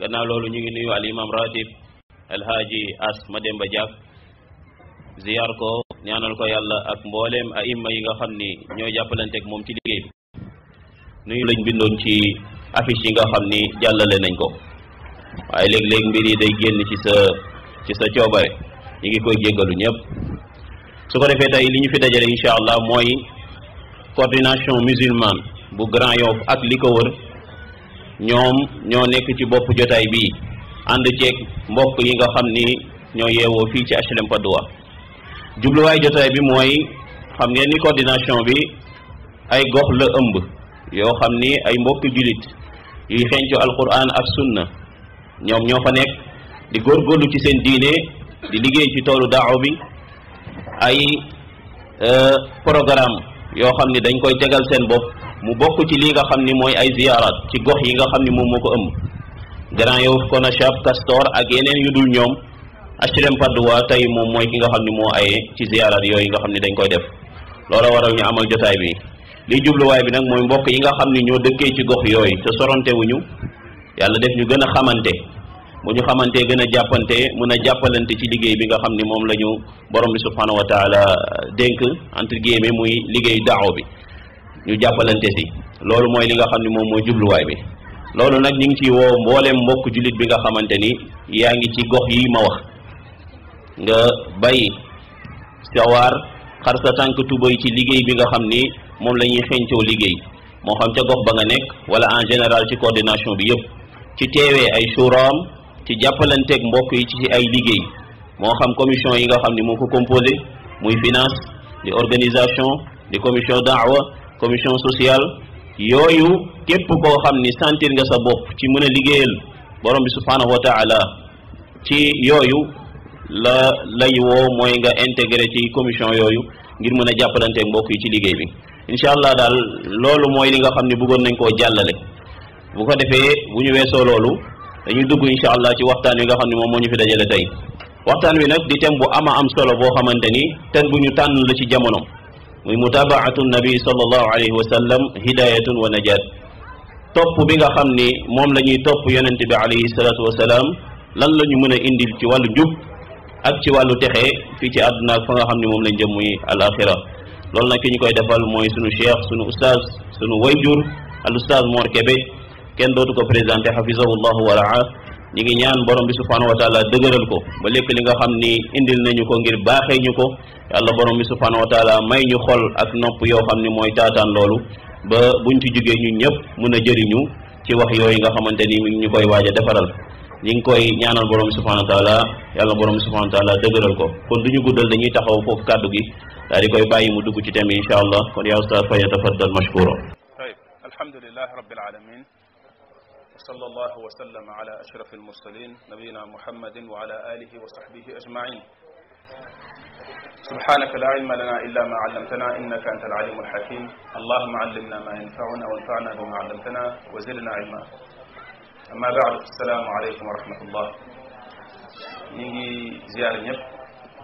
gannaaw loolu ñu ngi nuyu al imam ratib alhaaji as ma demba jàpp ziyaar ko ñaanal ko yàlla ak mbooleem aima yi nga xam ni ñooy jàppalanteek moom ci liggéey bi nuyu lañ bindoon ci affiche yi nga xam ni jàllale nañ ko waaye léeg-léeg mbir yi day génn ci sa ci sa coobare ñu ngi koy jéggalu ñëpp su ko defee tey li ñu fi dajale incha allah mooy coordination musulmane bu Grand Yoff ak li ko wër ñoom ñoo nekk ci bopp jotaay bii ànd ceeg mbokk yi nga xam ni ñoo yeewoo fii ci HLM Patte d'Oie jubluwaay jotaay bi mooy xam ngeen ni coordination bi ay gox la ëmb yoo xam ni ay mbokki jullit yuy xencu alquran ak sunna ñoom ñoo fa nekk di góorgóorlu ci seen diine di liggéey ci toolu daaw bi ay euh, programme yoo xam ni dañ koy tegal seen bopp mu bokk ci li nga xam ni mooy ay ziyaaraat ci gox yi nga xam ni moom moo ko ëmb Grand Yoff Konachab Castor ak yeneen yu dul ñoom HLM Patte waa tey moom mooy ki nga xam ni moo aye ci ziyaaraat yooyu nga xam ni dañ koy def loola waral ñu amal jotaay bi li jubluwaay bi nag mooy mbokk yi nga xam ni ñoo dëkkee ci gox yooyu te soronte wuñu yàlla def ñu gën a xamante bu ñu xamantee gën a jàppante mun a jàppalante ci liggéey bi nga xam ni moom la ñu borom bi subhanahu wa taala dénk entre guillemets muy liggéey daaw bi ñu jàppalante si loolu mooy li nga xam ne moom mooy jubluwaay bi loolu nag ñu ngi ciy woo mbooleem mbokk jullit bi nga xamante ni yaa ngi ci gox yi ma wax nga bàyyi sawaar xar sa tànk tubay ci liggéey bi nga xam ni moom la ñuy xencoo liggéey moo xam ca gox ba nga nekk wala en général ci coordination bi yëpp ci teewee ay suuraam ci jàppalanteeg mbokk yi ci ay liggéey moo xam commission yi nga xam ni moo ko composé muy finance di organisation di commission commission sociale yooyu képp koo xam ni sentir nga sa bopp ci mën a liggéeyal borom bi subhaanahu wa taala ci yooyu la lay woo mooy nga intégré ci commission yooyu ngir mën a jàppalanteeg mbokk yi ci liggéey bi incha allah daal loolu mooy li nga xam ne bëggoon nañ koo jàllale bu ko defee bu ñu weesoo loolu dañu dugg incha allah ci waxtaan wi nga xam ne moom moo ñu fi dajale tey waxtaan wi nag di thème bu ama am solo boo xamante ni thème bu ñu tànn la ci jamono muy mutabaatu nabi sallallahu alayhi wa sallam hidayatun wa najat topp bi nga xam ni moom la ñuy topp yonent bi alayhi salatu wa salaam lan la ñu mën a indil ci wàllu njub ak ci wàllu texe fii ci àdduna ak fa nga xam ni moom lañ jëm muy al axira loolu nag ki ñu koy defal mooy sunu cheikh sunu ustaaz sunu wayjur al ustaaz Mor Kebe kenn dootu ko présenté xafisahullahu wa raa ñi ngi ñaan borom bi subhanahu wa taala dëgëral ko ba lépp li nga xam ni indil nañu ko ngir baaxee ñu ko yàlla borom bi subhanahu wa taala may ñu xol ak nopp yoo xam ni mooy taataan loolu ba buñ ci jógee ñun ñëpp mun a jëriñu ci wax yooyu nga xamante ni mi ñu koy waaj a defaral ñi ngi koy ñaanal borom bi subhanahu wa taala yàlla borom bi subhanahu wa taala dëgëral ko kon duñu guddal dañuy taxaw foofu kàddu gi daal di koy bàyyi mu dugg ci tem yi incha allah kon yaa ustaz fa yatafaddal mashkura طيب الحمد لله رب صلى الله وسلم على أشرف المرسلين نبينا محمد وعلى آله وصحبه أجمعين سبحانك لا علم لنا إلا ما علمتنا إنك أنت العليم الحكيم اللهم علمنا ما ينفعنا وانفعنا بما علمتنا وزلنا علما أما بعد السلام عليكم ورحمة الله نيجي زيارة نيب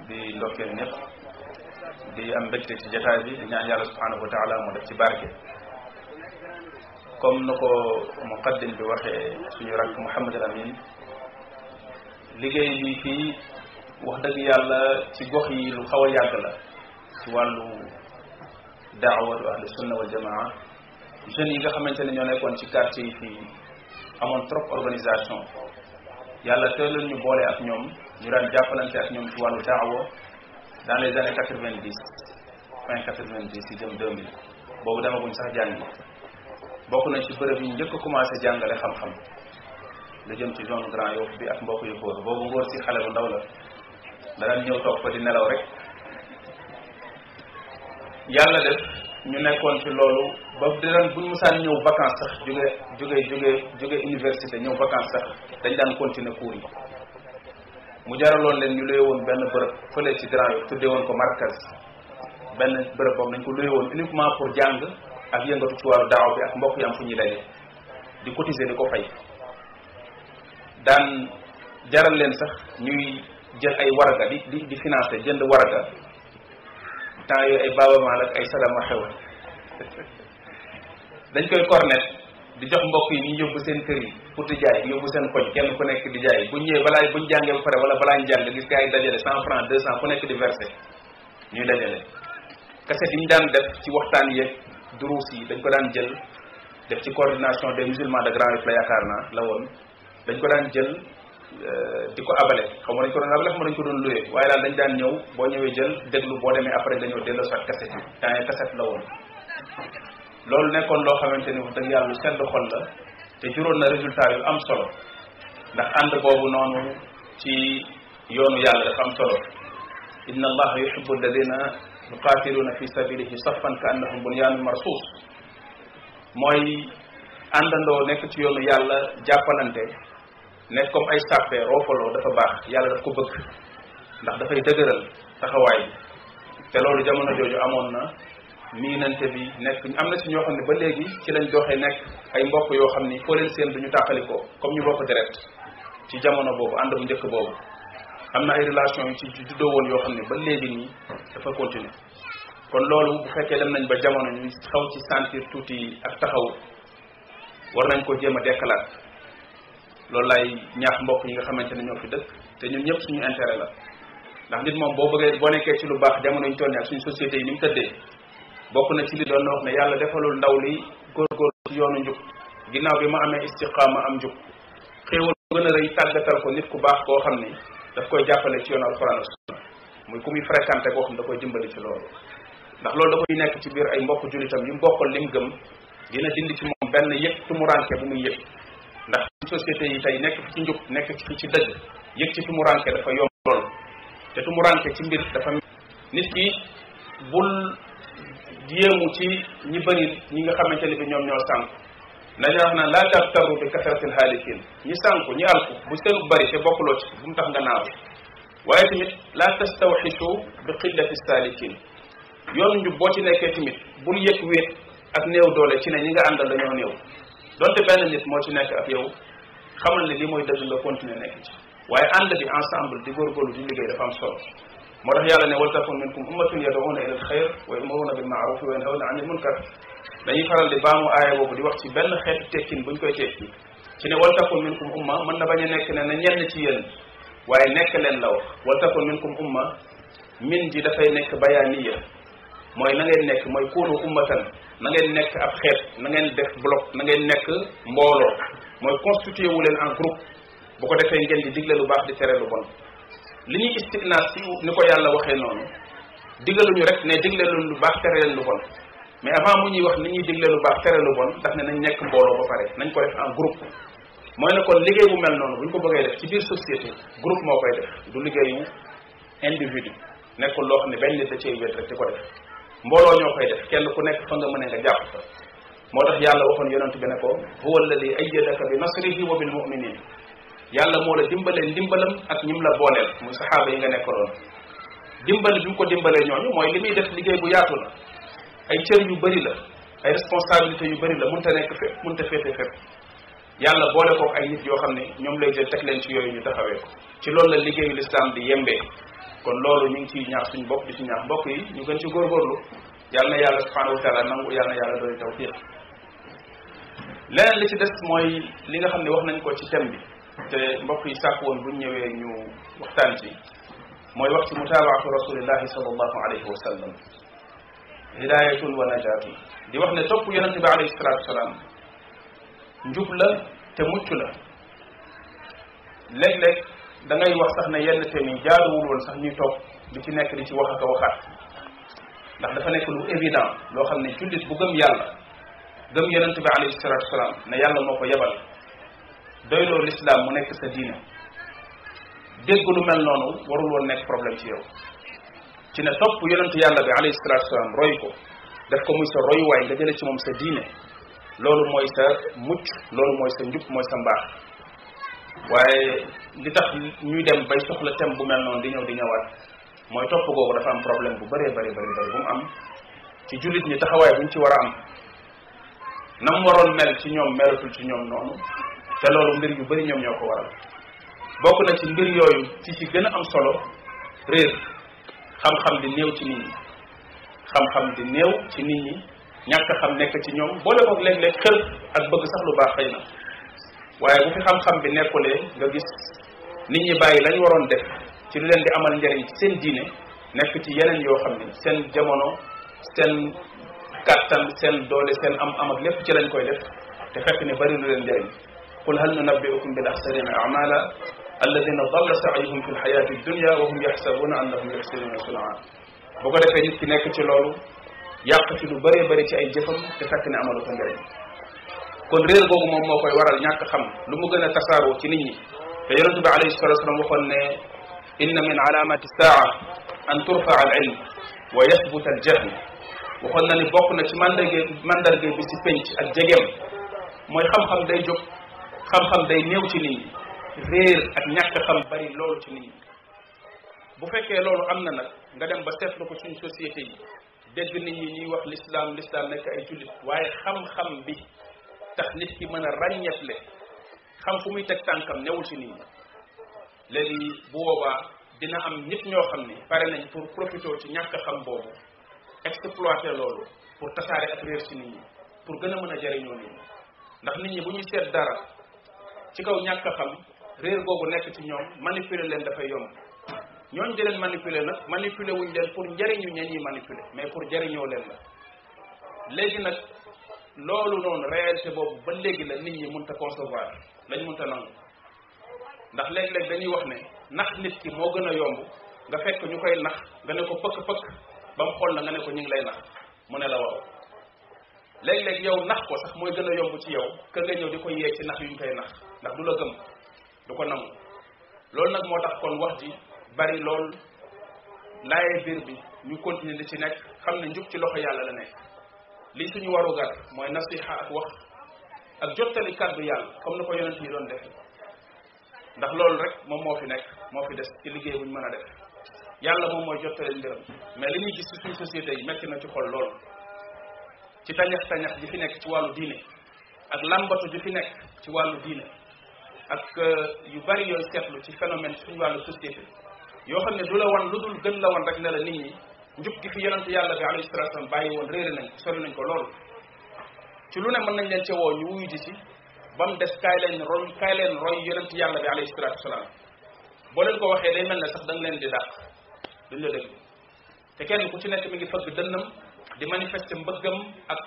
دي لوكيل نيب دي أم بكتك جتاجي دي سبحانه وتعالى مدك باركه comme na ko muqaddim bi waxee suñu rakk Mouhamadul Amin liggéey bi fii wax dëgg yàlla ci gox yi lu xaw a yàgg la ci wàllu daawatu ahlu sunna wal jamaa jeunes yi nga xamante ne ñoo nekkoon ci quartier yi fii amoon trop organisation yàlla te teeloon ñu boole ak ñoom ñu daan jàppalante ak ñoom ci wàllu daawa dans les années quatre-vingt-dix fin quatre-vingt-dix yi jëm deux mille boobu demaguñ sax jàngi bokk nañ ci bërëb yi njëkk a commencé jàngale xam-xam lu jëm ci zone Grand Yoff bi ak mbokk yu góor boobu ngóor si xale bu ndaw la danañ ñëw toog fa di nelaw rek yàlla def ñu nekkoon ci loolu ba dinañ buñ musaan ñëw vacance sax jóge jóge jóge jóge université ñëw vacance sax dañ daan continuer cours yi mu jaraloon leen ñu luye woon benn bërëb fële ci Grand Yoff tuddee woon ko markaz benn bërëb boobu nañ ko luy woon uniquement pour jàng ak yëngatu ci walu daaw bi ak mbokk yi am fu ñuy daje di cotiser di ko fay daan jaral leen sax ñuy jël ay waraga di di di financer jënd waraga temps yooyu ay baabamaal ak ay salama xew dañ koy cornet di jox mbokk yi ñu yóbbu seen kër yi pour di jaay yóbbu seen koñ kenn ku nekk di jaay bu ñëwee balaa buñ jàngee ba pare wala balaa ñu jàng gis kaay dajale cent francs deux cent ku nekk di verser ñuy dajale kase di ñu daan def ci waxtaan yeeg duruus yi dañ ko daan jël def ci coordination des musulmans de Grand Yoff la yaakaar naa la woon dañ ko daan jël euh, di ko abale xam nga dañ ko doon abale xam dañ ko doon loué waaye daal dañ daan ñëw boo ñëwee jël déglu boo demee après dañoo ñëw delloo soit cassette yi temps cassette la woon loolu nekkoon loo xamante ni wax dëgg yàlla xol la te juróon na résultat yu am solo ndax ànd boobu noonu yoonu yàlla dafa am solo inna allaha yuhibbu alladina yuqaatiluuna fi sabilihi saffan ka annahum bunyaanun marsuus mooy àndandoo nekk ci yoonu yàlla jàppalante nekk comme ay sàppe roofaloo dafa baax yàlla daf ko bëgg ndax dafay dëgëral taxawaay te loolu jamono jooju amoon na miinante bi nekk am na ci ñoo xam ne ba léegi ci lañ doxee nekk ay mbokk yoo xam ni foo leen seen duñu tàqalikoo comme ñu bokk deret ci jamono boobu ànd njëkk boobu am na ay relation yu ci juddoo woon yoo xam ne ba léegi nii dafa continuer kon loolu bu fekkee dem nañ ba jamono ñu xaw ci sentir tuuti ak taxaw war nañ ko jéem a dekkalaat loolu laay ñaax mbokk yi nga xamante ne ñoo fi dëkk te ñun ñëpp suñu intere la ndax nit moom boo bëggee boo nekkee ci lu baax jamono ñu toll nii ak suñu société yi ni mu tëddee bokk na ci li doon na wax ne yàlla defalul ndaw li góorgóor ci yoonu njub ginnaaw bi ma amee istiqaama am njub xéewal gën a rëy tàggatal ko nit ku baax koo xam ni daf koy jàppale ci yoon alxuraan ak sunna muy ku muy fréquenté koo xam da koy dimbali ci loolu ndax loolu da koy nekk ci biir ay mbokk jullitam yi mu bokkal lim gëm dina dindi ci moom benn yëg tumuranke bu muy yëg ndax société yi tey nekk fi ci njub nekk fi ci dëgg yëg ci tumuranke dafa yomb lool te tumuranke ci mbir dafa nit ki bul yéemu ci ñi bëri ñi nga xamante ne bi ñoom ñoo sànq dañoo wax naan laa taftaru bi kasarati lxaalikin ñi sànku ñi alku bu seen bari te bokkuloo ci bu mu tax nga naaw waaye tamit laa tastawxisu bi qillati saalikin yoon njub boo ci nekkee tamit bul yëg wéet ak néew doole ci ne ñi nga àndal dañoo néew donte benn nit moo ci nekk ak yow xamal ne li mooy dëgg nga continuer nekk ci waaye ànd bi ensemble di góorgóorlu di liggéey dafa am solo moo tax yàlla ne wal takun minkum ummatun yad'una ila alxayr wa yamuruna bilmaaruf wa yanhawna anil munkar dañuy faral di baamu aaya boobu di wax ci benn xeetu tekkin buñ koy tekki ci ne wal takun minkum umma mën na bañ a nekk ne na ñenn ci yéen waaye nekk leen la wax wal takun minkum umma min ji dafay nekk bayaaniya mooy na ngeen nekk mooy kuunu ummatan na ngeen nekk ab xeet nangeen def bloc na ngeen nekk mbooloo mooy constitué wu leen en groupe bu ko defee ngeen di digle lu baax di tere lu bon li ñuy istinaas si ni ko yàlla waxee noonu digaluñu rek ne digle lu baax tere leen lu bon mais avant mu ñuy wax ni ñuy digle lu baax tere lu bon daf ne nañ nekk mbooloo ba pare nañ ko def en groupe mooy ne kon liggéey bu mel noonu bu ñu ko bëggee def ci biir société groupe moo koy def du liggéeyu individu nekkul loo xam ne benn nit da cee wét rek di ko def mbooloo ñoo koy def kenn ku nekk fa nga mënee nga jàpp fa moo tax yàlla waxoon yonent bi ne ko huwa alladi ayyadaka bi nasrihi wa bil muminin yàlla moo la dimbalee ndimbalam ak ñim la booleel muy saxaaba yi nga nekkaloon dimbal bi mu ko dimbalee ñooñu mooy li muy def liggéey bu yaatu la ay cër yu bari la ay responsabilités yu bari la mënta nekk fépp te féete fépp yàlla boole ko ay nit yoo xam ne ñoom lay jël teg leen ci yooyu ñu taxawee ko ci loolu la liggéeyu lislaam di yembee kon loolu ñu ngi ciy ñaax suñu bopp di ci ñaax mbokk yi ñu gën ci góorgóorlu yàlla na yàlla subhanahu wa taala nangu yàlla na yàlla doy tawfiq leneen li ci des mooy li nga xam ne wax nañ ko ci thème bi te mbokk yi sàkk woon buñ ñëwee ñu waxtaan ci mooy wax ci mutaabaatu rasulillahi sallallahu alayhi wa sallam hidayatul wa najaatu di wax ne topp yonente bi alayhi salatu wasalaam njub la te mucc la léeg-léeg da ngay wax sax ne yenn seen yi jaaruwul woon sax ñuy toog di ci nekk di ci wax ak waxaat ndax dafa nekk lu évident loo xam ne jullit bu gëm yàlla gëm yonent bi alayhi salatu wasalaam ne yàlla moo ko yebal doyloo lislaam mu nekk sa diine dégg lu mel noonu warul woon nekk problème ci yow ci ne topp yonentu yàlla bi alayhi salatu wasalaam roy ko def ko muy sa royuwaay nga jële ci moom sa diine loolu mooy sa mucc loolu mooy sa njub mooy sa mbaax waaye li tax ñuy dem bay soxla thème bu mel noonu di ñëw di ñëwaat mooy topp googu dafa am problème bu baree bëri bëri bëri bu mu am ci jullit ñi taxawaay buñ ci war a am nam waroon mel ci ñoom melatul ci ñoom noonu te loolu mbir yu bari ñoom ñoo ko waral bokk na ci mbir yooyu ci ci gën a am solo réer xam-xam di néew ci nit ñi xam-xam di néew ci nit ñi ñàkk xam nekk ci ñoom boole boog léeg-léeg xel ak bëgg sax lu baax xëy na waaye bu fi xam-xam bi nekkulee nga gis nit ñi bàyyi lañ waroon def ci lu leen di amal njariñ ci seen diine nekk ci yeneen yoo xam ne seen jamono seen kàttan seen doole seen am-am ak lépp ci lañ koy def te fekk ni bari lu leen njariñ qul hal nunabbi'ukum bil axsarina amala الذين ضل سعيهم في الحياه الدنيا وهم يحسبون انهم يحسنون صنعا بوكو دافا نيت كي نيك تي لولو ياقتي لو بري بري تي اي جيفم تي فاتني امالو كو نري كون ريل بوغو موم موكاي وارال نياك خام لو مو غنا تسارو تي نيت ني تي يونتو عليه الصلاه والسلام وخون ني ان من علامات الساعه ان ترفع العلم ويثبت الجهل وخون ناني بوكو نا تي ماندارغي ماندارغي بي سي بنت اك جيغيم موي خام خام داي جوك خام خام داي نيو تي نيت réer ak ñàkk xam bari loolu ci nit ñi bu fekkee loolu am na nag nga dem ba seetlu ko suñ société yi dégg nit ñi ñuy wax lislaam lislaam nekk ay jullit waaye xam-xam bi tax nit ki mën a ràññetle xam fu muy teg tànkam newul ci nit ñi léegi bu boobaa dina am nit ñoo xam ni pare nañ pour profiter ci ñàkk xam boobu exploiter loolu pour tasaare ak réer ci nit ñi pour gën a mën a jariñoo nit ñi ndax nit ñi bu ñuy seet dara ci kaw ñàkk xam réer googu nekk ci ñoom manipuler leen dafay yomb ñooñ di leen manipuler nag manipuler wuñ leen pour njariñu ña ñuy manipuler mais pour jariñoo leen la léegi nag loolu noonu réalité boobu ba léegi la nit ñi mënta concevoir lañ mënta nangu ndax léeg-léeg dañuy wax ne nax nit ki moo gën a yomb nga fekk ñu koy nax nga ne ko pëkk pëkk ba mu xool na nga ne ko ñu ngi lay nax mu ne la waaw léeg-léeg yow nax ko sax mooy gën a yomb ci yow que nga ñëw di ko yee ci nax yuñ koy nax ndax du la gëm du ko nangu loolu nag moo tax kon wax ji bari lool laayee biir bi ñu continuer li ci nekk xam ne njub ci loxo yàlla la nekk li suñu warugar mooy nasiha ak wax ak jottali kàddu yàlla comme na ko yonent yi doon def ndax loolu rek moom moo fi nekk moo fi des ci liggéey bu ñu mën a def yàlla moom mooy jottali mbiram mais li ñuy gis ci suñu société yi metti na ci xol lool ci tañax tañax ji fi nekk ci wàllu diine ak làmbatu ji fi nekk ci wàllu diine ak euh, yu bari yooyu seetlu ci phénomène suñu wàllu yoo xam ne du la wan lu dul gën la wan rek ne la nit ñi njub gi fi yonent yàlla bi alayhi salatu wasallam bàyyi woon réere nañ sori nañ ko lool ci lu ne mën nañ leen ca woo ñu wuyu ji ci ba mu des kaay leen roy kaay leen roy yonent yàlla bi alayhi salatu wasalam boo leen ko waxee day mel na sax da leen di dàq duñ la déglu te kenn ku ci nekk mi ngi fëgg dënnam di manifester mbëggam ak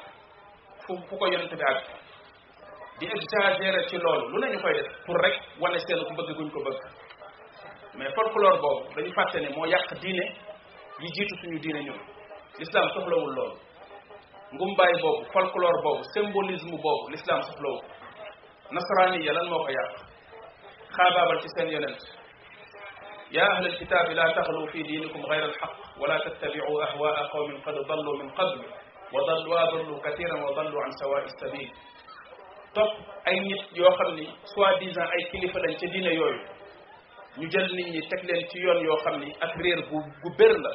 fu fu ko yonent bi ak di exagéré ci loolu lu nañu koy def pour rek wane seen ku bëgg guñ ko bëgg mais folklore boobu dañu fàtte ne moo yàq diine yi jiitu suñu diine ñun l'islam soxlawul loolu ngumbaay boobu folklore boobu symbolisme boobu l'islam soxlawu nasraniya lan moo ko yàq xaabaabal ci seen yonent يا أهل الكتاب لا تغلوا في دينكم غير الحق ولا تتبعوا أهواء قوم قد ضلوا من قبل وضلوا كثيرا وضلوا عن سواء السبيل top ay nit yo xamni ni soi-disant ay kilifa lañ ci dina yoy ñu jël nit ñi tek leen ci yoon yo xamni ak réer bu bu bér la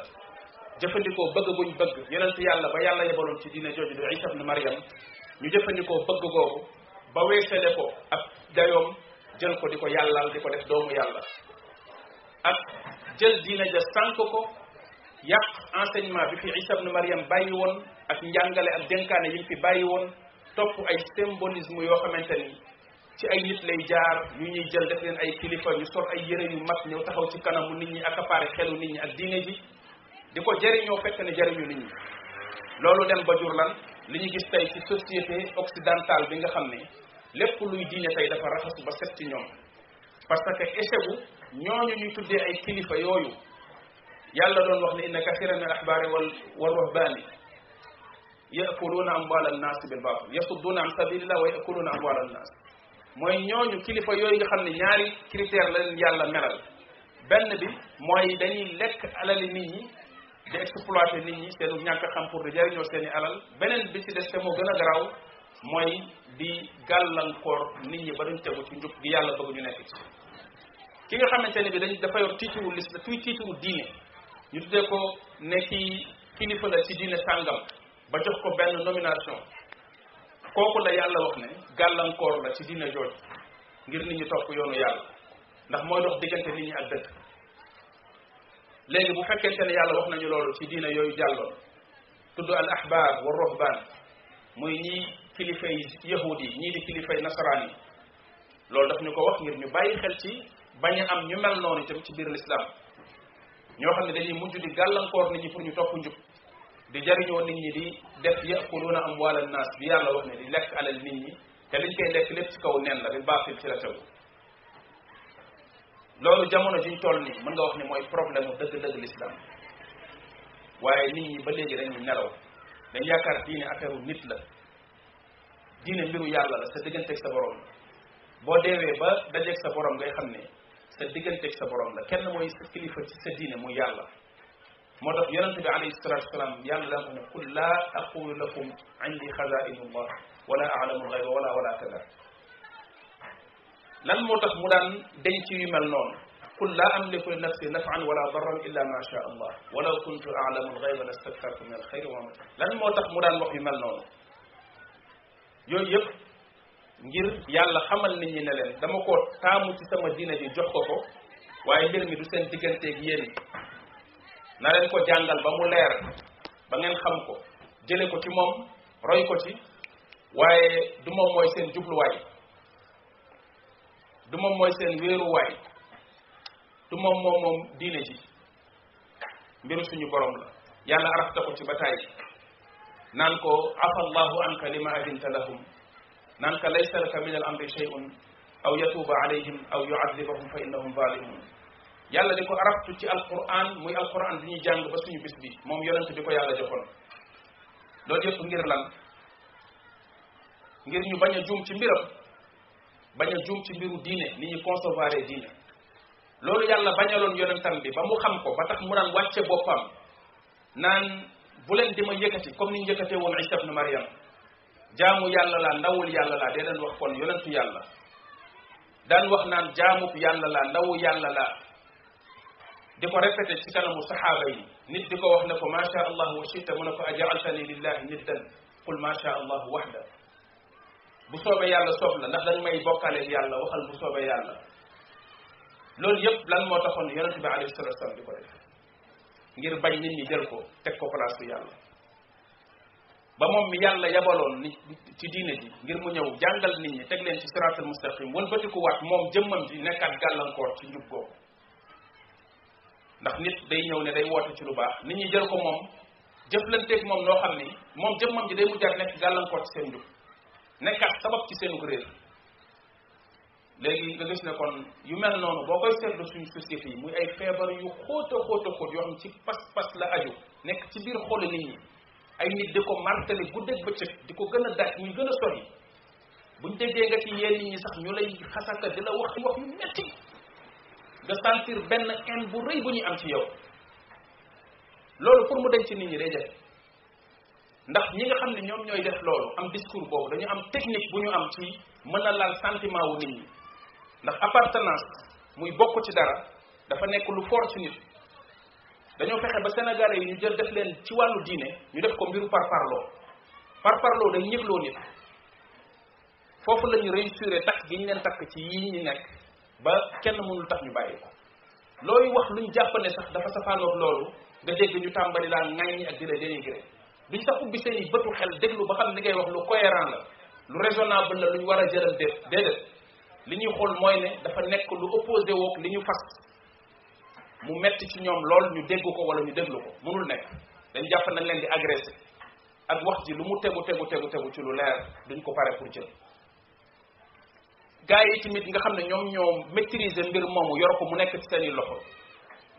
jëfëndiko bëgg buñ bëgg yonent yàlla ba yàlla yebalon ci dina jojju du isa ibn maryam ñu jëfëndiko bëgg googu ba weesale ko ak dayom jël ko diko yalla diko def doomu yàlla ak jël dina ja sànk ko yàq enseignement bi fi isa ibn maryam bàyyi woon ak njàngale ak dénkaane yim fi bàyyi woon topp ay symbolisme yoo xamante ni ci ay nit lay jaar ñu ñuy jël def leen ay kilifa ñu sol ay yére yu mag ñëw taxaw ci kanamu nit ñi accaparé xelu nit ñi ak diine ji di ko jëriñoo fekk ne jëriñu nit ñi loolu dem ba jur lan li ñu gis tey ci société occidentale bi nga xam ne lépp luy diine tey dafa raxasu ba set ci ñoom parce que échec ñooñu ñuy tuddee ay kilifa yooyu yàlla doon wax ne inna kathira min al ahbari wal wal ruhbani yaakuluna amwal annaasi bil batil yasudduuna an sabilillah wa yaakuluna amwal annaas mooy ñooñu kilifa yooyu nga xam ne ñaari critère la leen yàlla melal benn bi mooy dañuy lekk alali nit ñi di exploiter nit ñi seenu ñàkk xam pour di jariñoo seen i alal beneen bi ci des te moo gën a garaaw mooy di gàllankoor nit ñi ba duñ tegu ci njub gi yàlla bëgg ñu nekk ci ki nga xamante ne bi dañ dafa yor tiituru liste tuy tiituru diine ñu tuddee ko ne kii kilifa la ci diine sàngam ba jox ko benn nomination kooku la yàlla wax ne gàllankoor la ci dina jooju ngir nit ñi topp yoonu yàlla ndax mooy dox diggante nit ñi ak dëkk léegi bu fekkente ne yàlla wax nañu loolu ci diine yooyu jàlloon tudd al ahbaar wa rohbaan muy kilifa yi yahud yi ñii di kilifay nasaraan yi loolu daf ñu ko wax ngir ñu bàyyi xel ci bañ a am ñu mel noonu itam ci biir lislaam ñoo xam ne dañuy mujj di gàllankoor nit ñi pour ñu topp njub di jariño nit ñi di def yaquluna an nas bi yàlla wax ne di lek alal nit ñi te liñ koy lek lépp ci kaw nen la bi baaxil ci la tegu lolu jamono ci toll ni mën nga wax ni moy probleme deug deug l'islam waye nit ñi ba legi dañu nelaw dañ yaakaar diine affaire nit la diine mbiru yàlla la sa digganteeg sa borom bo déwé ba dajé sa borom ngay xamné sa digganteeg sa borom la kenn moy sa kilifa ci sa diine muy yàlla موضح يرنتب عليه الصلاة والسلام يالله أنا قل لا أقول لكم عندي خزائن الله ولا أعلم الغيب ولا ولا كذا لن موضح مدن دينتي ملنون قل لا أملك لنفسي نفعا ولا ضرا إلا ما شاء الله ولو كنت أعلم الغيب لاستكثرت من الخير وما لن موضح مدن وفي ملنون يجب ngir yalla xamal nit ñi ne leen dama ko taamu ci sama diine ji jox ko ko waaye na leen ko jàngal ba mu leer ba ngeen xam ko jële ko ci moom roy ko ci waaye du moom mooy seen jubluwaay du moom mooy seen wéeruwaay du moom moom moom diine ji mbiru suñu borom la yàlla arafta ko ci ba tàyyi naan ko afa allahu anka lima adinta lahum naan ka laysa laka min al amri shay'un aw yatuuba alayhim aw yuadibahum fa innahum zalimun Yalla diko Arab ci alquran muy alquran bi ñuy jàng ba suñu bis bi mom yonent diko yalla joxon do def ngir lan ngir ñu baña joom ci mbiram baña joom ci mbiru diine ni ñi concevoir diine loolu yàlla bañaloon yonentam bi ba mu xam ko ba tax mu dan wacce bopam nan bu len dima ma comme ni ñu yëkkatee woon isa ibn maryam jaamu yalla la ndawul yalla la de daan wax kon yonentu yalla dan wax nan jaamu yalla la ndawu yalla la di ko répété ci kanamu saxaaba yi nit di ko wax ne ko macha allah wa shita mu ne ko ajaaltani lillahi niddan qul macha allah waxda bu soobe yàlla soof la ndax dañ may bokkaale yàlla waxal bu soobe yàlla lool yëpp lan moo taxoon yonent bi alayhi salatu wasallam di ko def ngir bañ nit ñi jël ko teg ko place bi yàlla ba mom mi yàlla yabaloon ni ci diine ji ngir mu ñëw jàngal nit ñi teg leen ci siratul mustaqim wëlbatiku waat moom jëmmam ji nekkaat gàllankoor ci njub googu ndax nit day ñëw ne day woote ci lu baax nit ñi jël ko moom jëflanteeg moom noo xam ni moom jëmmam ji day mujjaat nekk gàllankoor ci seen jub nekkaat sabab ci seenu réer léegi nga gis ne kon yu mel noonu boo koy seetlu suñu société yi muy ay feebar yu xóota xóota xóot yoo xam ci pas-pas la aju nekk ci biir xolu nit ñi ay nit di ko martali guddeeg bëccëg di ko gën a daj muy gën a sori buñ déggee nga ci yenn nit ñi sax ñu lay xasaka di la wax wax nga sentir benn haine bu rëy bu ñuy am ci yow loolu pour mu denc ci nit ñi day jafe ndax ñi nga xam ne ñoom ñooy def loolu am discours boobu dañu am technique bu ñu am ci mën na laal sentiment wu nit ñi ndax appartenance muy bokk ci dara dafa nekk lu fort ci nit dañoo fexe ba sénégalais yi ñu jël def leen ci wàllu diine ñu def ko mbiru parparloo parparloo day ñëgloo nit foofu la ñu réussir takk gi ñu leen takk ci yii ñu nekk ba kenn mënul tax ñu bàyyi ko looy wax luñ jàpp sax dafa safaanoog loolu nga dégg ñu tàmbali laa ŋaññi ak di la dénigré duñ sax ubbi seen i bëtu xel déglu ba xam li ngay wax lu cohérent la lu raisonnable la luñ war a jëlal déet déedéet li ñuy xool mooy ne dafa nekk lu opposé woog li ñu fas mu metti ci ñoom lool ñu dégg ko wala ñu déglu ko mënul nekk dañ jàpp nañ leen di agressé ak wax ji lu mu tegu tegu tegu tegu ci lu leer duñ ko pare pour jël gaay yi tamit nga xam ne ñoom ñoo maîtriser mbir moomu yor ko mu nekk ci seen i loxo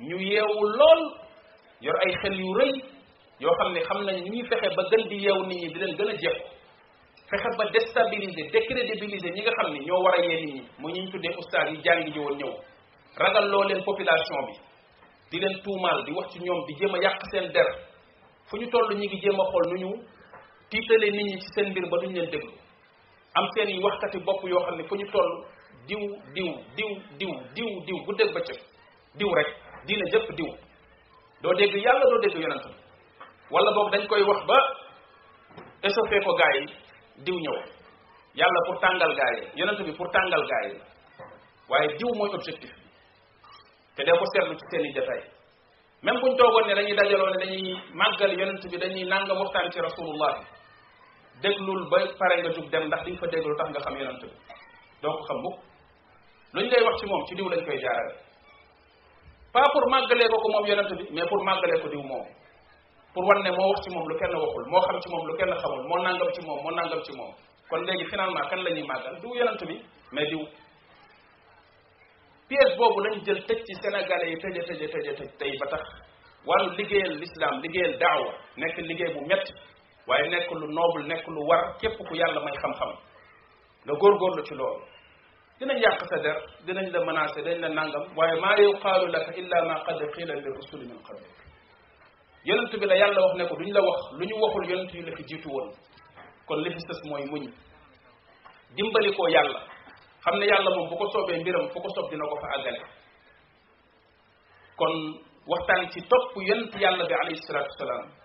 ñu yeewu lool yor ay xel yu rëy yoo xam ne xam nañ ñuy fexe ba gën di yeew nit ñi di leen gën a jekku fexe ba déstabiliser décrédibiliser ñi nga xam ne ñoo war a yee nit ñi mu ñu tuddee ustaas yi jàng ji woon ñëw ragal loo leen population bi di leen tuumaal di wax ci ñoom di jéem a yàq seen der fu ñu toll ñi ngi jéem a xool nu ñu tiitale nit ñi ci seen mbir ba duñ leen déglu am seen i waxkati bopp yoo xam ne fu ñu toll diw diw diw diw diw diw bu dégg ba cëf diw rek diina jëpp diw doo dégg yàlla doo dégg yonent bi wala boog dañ koy wax ba échauffé ko gaa yi diw ñëw yàlla pour tàngal gaa yi yonent bi pour tàngal gaa yi waaye diw mooy objectif te dee ko seetlu ci seen i jataay même buñ toogoon ne dañuy dajaloo ne dañuy màggal yonent bi dañuy nangam waxtaan ci rasulullah déglul ba pare nga jug dem ndax li nga fa déglu tax nga xam yonent bi doo ko xam mukk lu ñu lay wax ci moom ci diw lañ koy jaarale pas pour màggalee ko ko moom yonent bi mais pour màggalee ko diw moom pour wan ne moo wax ci moom lu kenn waxul moo xam ci moom lu kenn xamul moo nangam ci moom moo nangam ci moom kon léegi finalement kan la ñuy màggal diw yonent bi mais diw pièce boobu lañu jël tëj ci sénégalais yi tëje tëje tëje tëj tey ba tax wàllu liggéeyal l'islam liggéeyal daawa nekk liggéey bu metti waaye nekk lu noble nekk lu war képp ku yàlla may xam-xam nga góorgóorlu ci loolu dinañ yàq sa der dinañ la menacer dañ la nangam waaye maa yuqaalu laka illa ma qad qila li rusuli min qablik yonent bi la yàlla wax ne ko duñ la wax lu ñu waxul yonent yi la fi jiitu woon kon li fi sës mooy muñ dimbali koo yàlla xam ne yàlla moom bu ko soobee mbiram fu ko soob dina ko fa àggale kon waxtaan ci topp yonent yàlla bi alayhi salatu wasalaam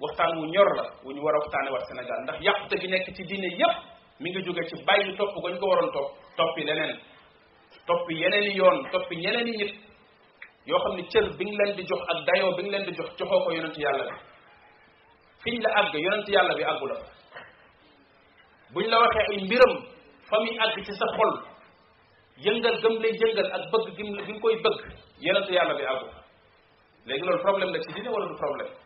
waxtaan wu ñor la wu ñu war a waxtaane wat sénégal ndax yàqute gi nekk ci diine yépp mi ngi jóge ci bàyyi topp gañ ko waroon topp toppi leneen toppi yeneen i yoon toppi ñeneen i nit yoo xam ne cër bi nga leen di jox ak dayoo bi nga leen di jox joxoo ko yonent yàlla bi fiñ la àgg yonent yàlla bi àggu la buñ la waxee ay mbiram fa muy àgg ci sa xol yëngal gëm lay yëngal ak bëgg gi gi koy bëgg yonent yàlla bi àggu léegi loolu problème la ci diine wala du problème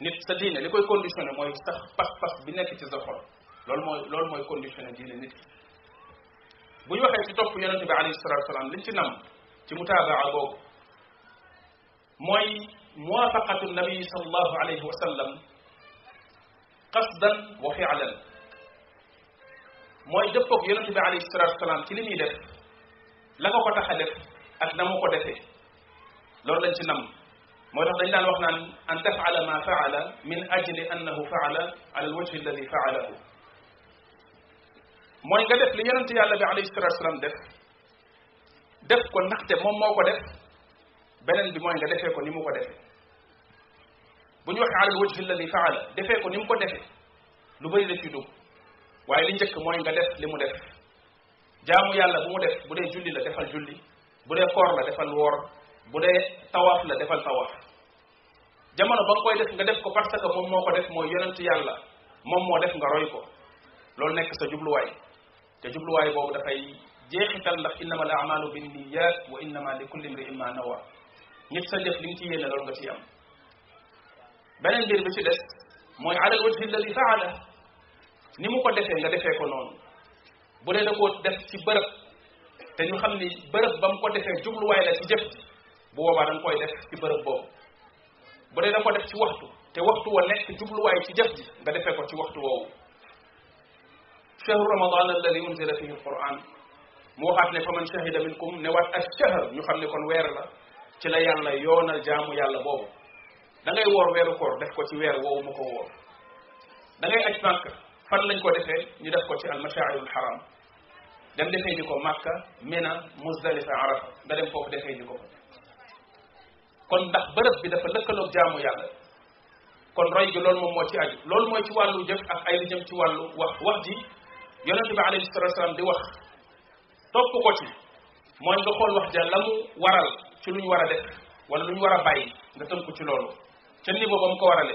nit sa diine li koy conditionné mooy sax pas-pas bi nekk ci sa xol loolu mooy loolu mooy conditionné diine nit bu ñu waxee ci topp yonente bi alayhi salatu wasalaam liñ ci nam ci mutaabaa boobu mooy muwafaqatu nabi salallahu alayhi wa sallam qasdan wa fi'lan mooy dëppoog yonente bi alayhi salatu wasalaam ci li muy def la nga ko tax a def ak na mu ko defee loolu lañ ci nam موتاخ دا نان واخ ان تفعل ما فعل من اجل انه فعل على الوجه الذي فعله موي غا ديف لي يونت يالا بي عليه الصلاه والسلام ديف ديف كو نختي موم موكو ديف بنين بي موي غا ديفه كو نيمو على الوجه الذي فعل ديفه كو نيمو كو ديف لو بري لا تي دو واي لي نجهك جامو يالا بو مو ديف بودي جولي لا ديفال جولي بودي كور لا ديفال bu dee tawaaf la defal tawaaf jamono ba nga koy def nga def ko parce que moom moo ko def mooy yonent yàlla moom moo def nga roy ko loolu nekk sa jubluwaay te jubluwaay boobu dafay jeexital ndax innama al amalu bin niyat wa innama li kulli imri ma nawa nit sa def li nga ci yéene loolu nga ci am beneen mbir bi ci des mooy ala al wajhi alladi faala ni mu ko defee nga defee ko noonu bu dee da koo def ci bërëb te ñu xam ni bërëb ba mu ko defee jubluwaay la ci jëf bu boobaa da nga koy def ci bërëb boobu bu dee da nga ko def ci waxtu te waxtu wa nekk jubluwaay ci jëf ji nga defee ko ci waxtu woowu shahru ramadan alladi unzila fihi alquran mu waxaat ne fa man shahida minkum ne waat ak shahr ñu xam ne kon weer la ci la yàlla yoonal jaamu yàlla boobu da ngay woor weeru koor def ko ci weer woowu mu ko woor da ngay aj màkk fan lañ ko defee ñu def ko ci almashairul haram dem defee ji ko màkka mina muzdalifa arafa nga dem foofu defee ji ko fa kon ndax bërëb bi dafa lëkkaloog jaamu yàlla kon roy gi loolu moom moo ci aju loolu mooy ci wàllu jëf ak ay li jëm ci wàllu wax wax ji yonente bi alayhi salatu wasalaam di wax topp ko ci mooy nga xool wax ja la mu waral ci lu ñu war a def wala lu ñu war a bàyyi nga ko ci loolu ca niveau ba mu ko warale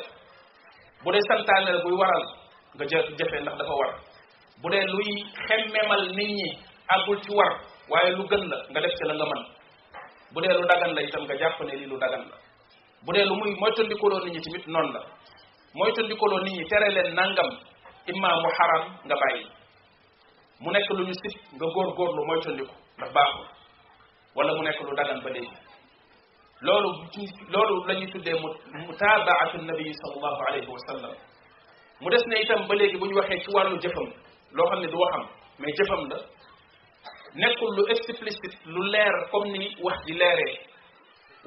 bu dee santaane la buy waral nga jë jëfee ndax dafa war bu dee luy xemmeemal nit ñi àggul ci war waaye lu gën la nga def ci la nga mën bu dee lu dagan la itam nga jàpp ne lii lu dagan la bu dee lu muy moytandikuloo nit ñi tamit noonu la moytandikuloo nit ñi tere leen nangam imma mu xaram nga bàyyi mu nekk lu ñu sib nga lu moytandiku ndax baaxul wala mu nekk lu dagan ba léegi loolu loolu la ñuy tuddee mu mutaabaatu nabi sallallahu alayhi wa sallam mu des ne itam ba léegi bu ñu waxee ci wàllu jëfam loo xam ne du waxam mais jëfam la nekul lu explicit lu leer comme ni wax di leeree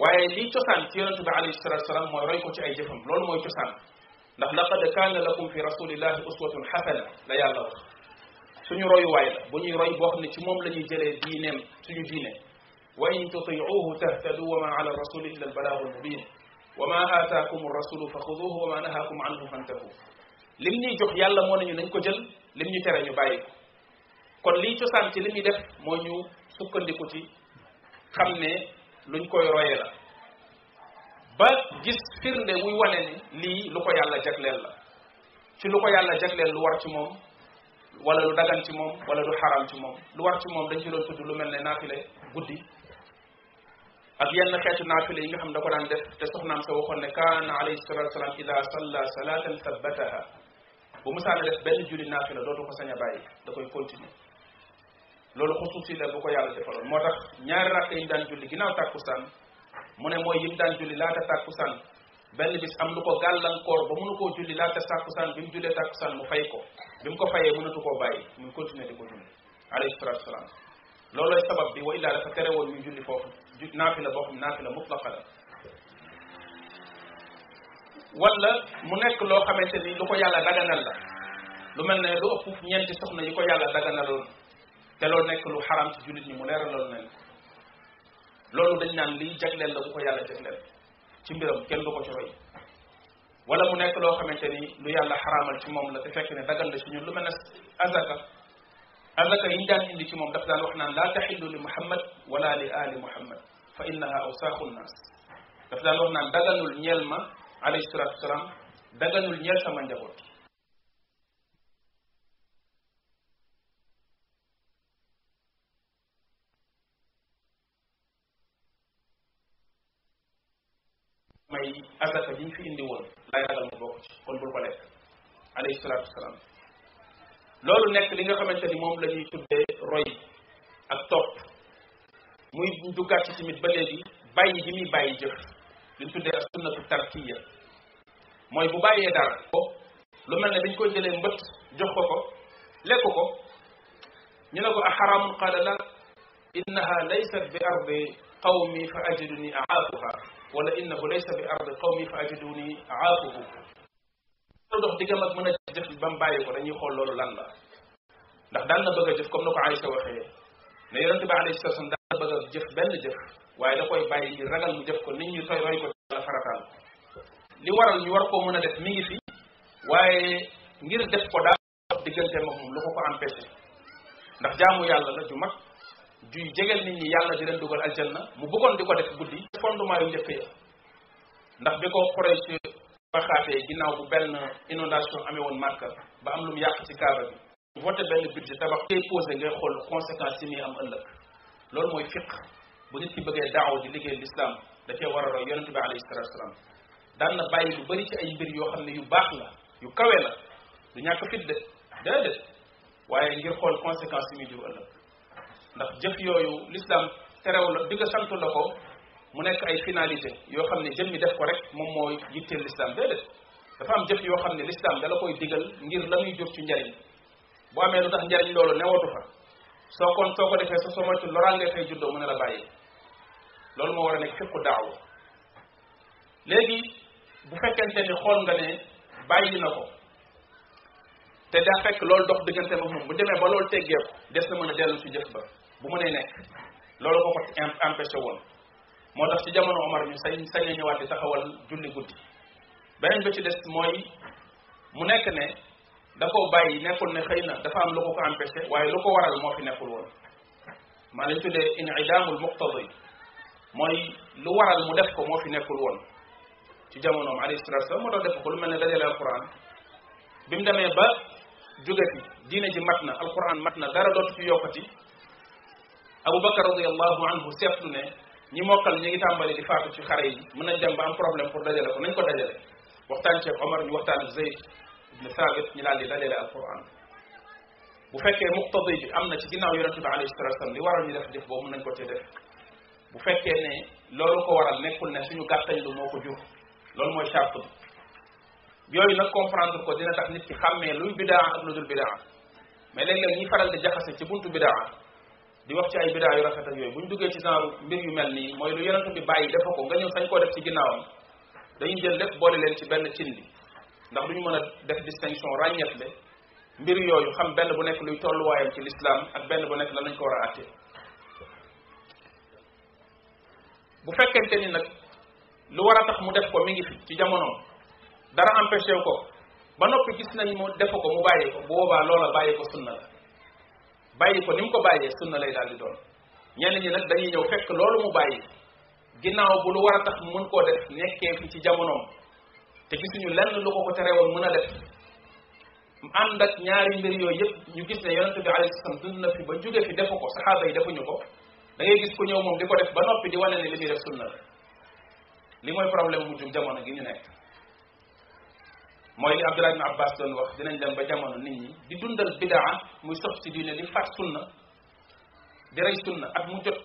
waaye li cosaan ci yonente bi alayhi salatu wasalam mooy roy ko ci ay jëfam loolu mooy cosaan ndax laqad kaana lakum fi rasulillahi uswatun hasana la yàlla wax suñu royuwaay la bu ñuy roy boo xam ne ci moom la ñuy jëlee diineem suñu diine wa in tutiuhu tahtadu wa ma ala rasuli illa albalaagu almubin wa ma aataakum rasulu faxuduhu wa ma nahaakum anhu fantahu lim ñuy jox yàlla moo nañu nañ ko jël lim ñu tere ñu bàyyi ko kon lii cosaan ci li muy def moo ñu sukkandiku ci xam ne luñ koy royee la ba gis firnde muy wane ni lii lu ko yàlla jagleel la ci lu ko yàlla jagleel lu war ci moom wala lu dagan ci moom wala lu xaram ci moom lu war ci moom dañ ci doon tudd lu mel ne naafile guddi ak yenn xeetu naafile yi nga xam da ko daan def te soxnaam sa waxoon ne kaana alayhi salatu wasalaam ida salla salatan sabbataha bu musaana def benn julli naafila dootu ko sañ a bàyyi da koy continuer lolu xusuusi la bu ko yàlla defaloon motax ñaar ñaari rakk yi dan julli ginaaw takusan mune moy yim dan julli la ta takusan benn bis am lu ko galan koor ba munu ko julli la ta takusan bim julle takusan mu fay ko bim mu ko fayee mënatu ko bàyyi mu continuer di ko julli alayhi salatu wassalam lolu loolooy sabab bi wa illaa dafa tere won ñu julli fofu naafila boo xam naafila mutlaqa la wala mu nekk loo xamante ni lu ko yàlla daganal la lu mel ne lu ëpp ñeenti soxna yi ko yàlla daganaloon te loolu nekk lu xaram ci jullit ñi mu leeral loolu leen loolu dañ naan liy jagleel la bu ko yàlla jagleel ci mbiram kenn du ko ci roy wala mu nekk loo xamante ni lu yàlla xaraamal ci moom la te fekk ne dagal la ci ñun lu mel ne azaka azaka yi ñu daan indi ci moom daf daan wax naan laa taxillu li muhammad wala li ali muhammad fa innaha awsaaxu nnaas daf daan wax naan daganul ñeel ma alayhi salatu wasalaam daganul ñeel sama njaboot mooy asaka bi ñu fi indi woon lay ragal mu bokk ci kon bul ko lekk alayhi salaatu wasalaam loolu nekk li nga xamante ni moom la ñuy tuddee roy ak topp muy duggaat ci tamit ba léegi bàyyi bi muy bàyyi jëf li ñu tuddee ak sunnatu tarkiya mooy bu bàyyee dara ko lu mel ne dañ koy jëlee mbët jox ko ko lekk ko ñu ne ko a xaraamun qaala la innaha laysat bi ardi qawmi fa ajiduni aaquha ولانه ليس بارض قومي فاجدوني اعاقبه دوخ ديغا ماك مانا جيف بام بايو دا ني خول لولو لان لا دا دال نا بغا جيف كوم نكو عائشة واخي ني يونت با عليه الصلاه والسلام دا بغا جيف بن جيف واي دا كوي باي ني راغال مو جيف كو ني ني توي راي كو لا فراتال لي وارال ني وار كو مانا ديف ميغي في واي غير ديف كو دا ديغنتي ماك موم لوكو كو امبيسي ndax jaamu yalla la ju mag juy jegal nit ñi yàlla di leen dugal aljanna mu bëggoon di ko def guddi fondement yu njëkk ya ndax bi ko Quraysh waxaatee ginnaaw bu benn inondation amee woon Makka ba am lu mu yàq ci kaaba bi ñu voté benn budget tabax tey posé ngay xool conséquences yi muy am ëllëg loolu mooy fiq bu nit ki bëggee daaw di liggéey l'islam da cee war a roy yonente bi alayhi salatu wasalaam daan na bàyyi lu bëri ci ay mbir yoo xam ne yu baax la yu kawe la du ñàkk fit de déedéet waaye ngir xool conséquences yi muy jur ëllëg ndax jëf yooyu l'islam terew la digga santu la ko mu nekk ay finalité yoo xam ne jëmmi def ko rek moom mooy yitteel l'islam déedéet dafa am jëf yoo xam ne da la koy digal ngir la muy jur ci njariñ bu amee lu tax njariñ loolu newatu fa soo kon soo ko defee sa somatu loraange fay juddoo mu ne la bàyyi loolu moo war a nekk fiqu daaw léegi bu fekkente ni xool nga ne bàyyi na ko te daa fekk loolu dox diggante ma moom bu demee ba loolu teggee ko des na mën a dellu ci jëf ba bu mënee nekk loolu moo ko empêché woon moo tax ci jamono omar ñu sañ sañ a ñëwaat di taxawal julli guddi beneen ba ci des mooy mu nekk ne da ko bàyyi nekkul ne xëy na dafa am lu ko ko empêché waaye lu ko waral moo fi nekkul woon maa lañ tuddee idamul muqtadi mooy lu waral mu def ko moo fi nekkul woon ci jamonoom alayhi salatu wasalam moo tax def ko lu mel ne dajale alquran bi mu demee ba jóge fi diine ji mat na alquran mat na dara dootu ci yokkati abubakar radiallahu anhu seetlu ne ñi mokkal ñu ngi tàmbali di faatu ci xare yi mën nañ dem ba am problème pour dajale ko nañ ko dajale waxtaan ceeg omar ñu waxtaan ak zayd ibne sabit ñu daal di dajale alquran bu fekkee muqtadi bi am na ci ginnaaw yonente bi alayhi salatu wasalam li waral ñu def jëf boobu mën nañ ko ci def bu fekkee ne loolu ko waral nekkul ne suñu gàttañ lu moo ko jur loolu mooy charte bi yooyu nag comprendre ko dina tax nit ki xàmmee luy bidaa ak lu dul bidaa mais léeg-léeg ñi faral di jaxase ci buntu bidaa di wax ci ay bida yu rafet ak yooyu buñ duggee ci genre mbir yu mel nii mooy lu yonent bi bàyyi dafa ko nga ñëw sañ koo def ci ginnaawam dañuy jël lépp boole leen ci benn cin ndax duñu mën a def distinction le mbir yooyu xam benn bu nekk luy tolluwaayam ci lislaam ak benn bu nekk lan lañ ko war a àtte bu fekkente ni nag lu war a tax mu def ko mi ngi fi ci jamono dara empêché ko ba noppi gis nañ mu def ko mu bàyyi ko boobaa loola bàyyi ko sunna la bàyyi ko ni mu ko bàyyee sunna lay daal di doon ñenn ñi nag dañuy ñëw fekk loolu mu bàyyi ginnaaw bu lu war a tax mën koo def nekkee fi ci jamonoom te gisuñu lenn lu ko ko tere woon mën a def ànd ak ñaari mbir yooyu yëpp ñu gis ne yonente bi alayhi salaam dund na fi ba jóge fi defu ko saxaaba yi defuñu ko da gis ku ñëw moom di ko def ba noppi di wane ne li muy def sunna la li mooy problème mu jum jamono gi ñu nekk mooy li abdullah ibn abbas doon wax dinañ dem ba jamono nit ñi di dundal bidaa muy sos ci diine li faat sunna di rey sunna ak mu jot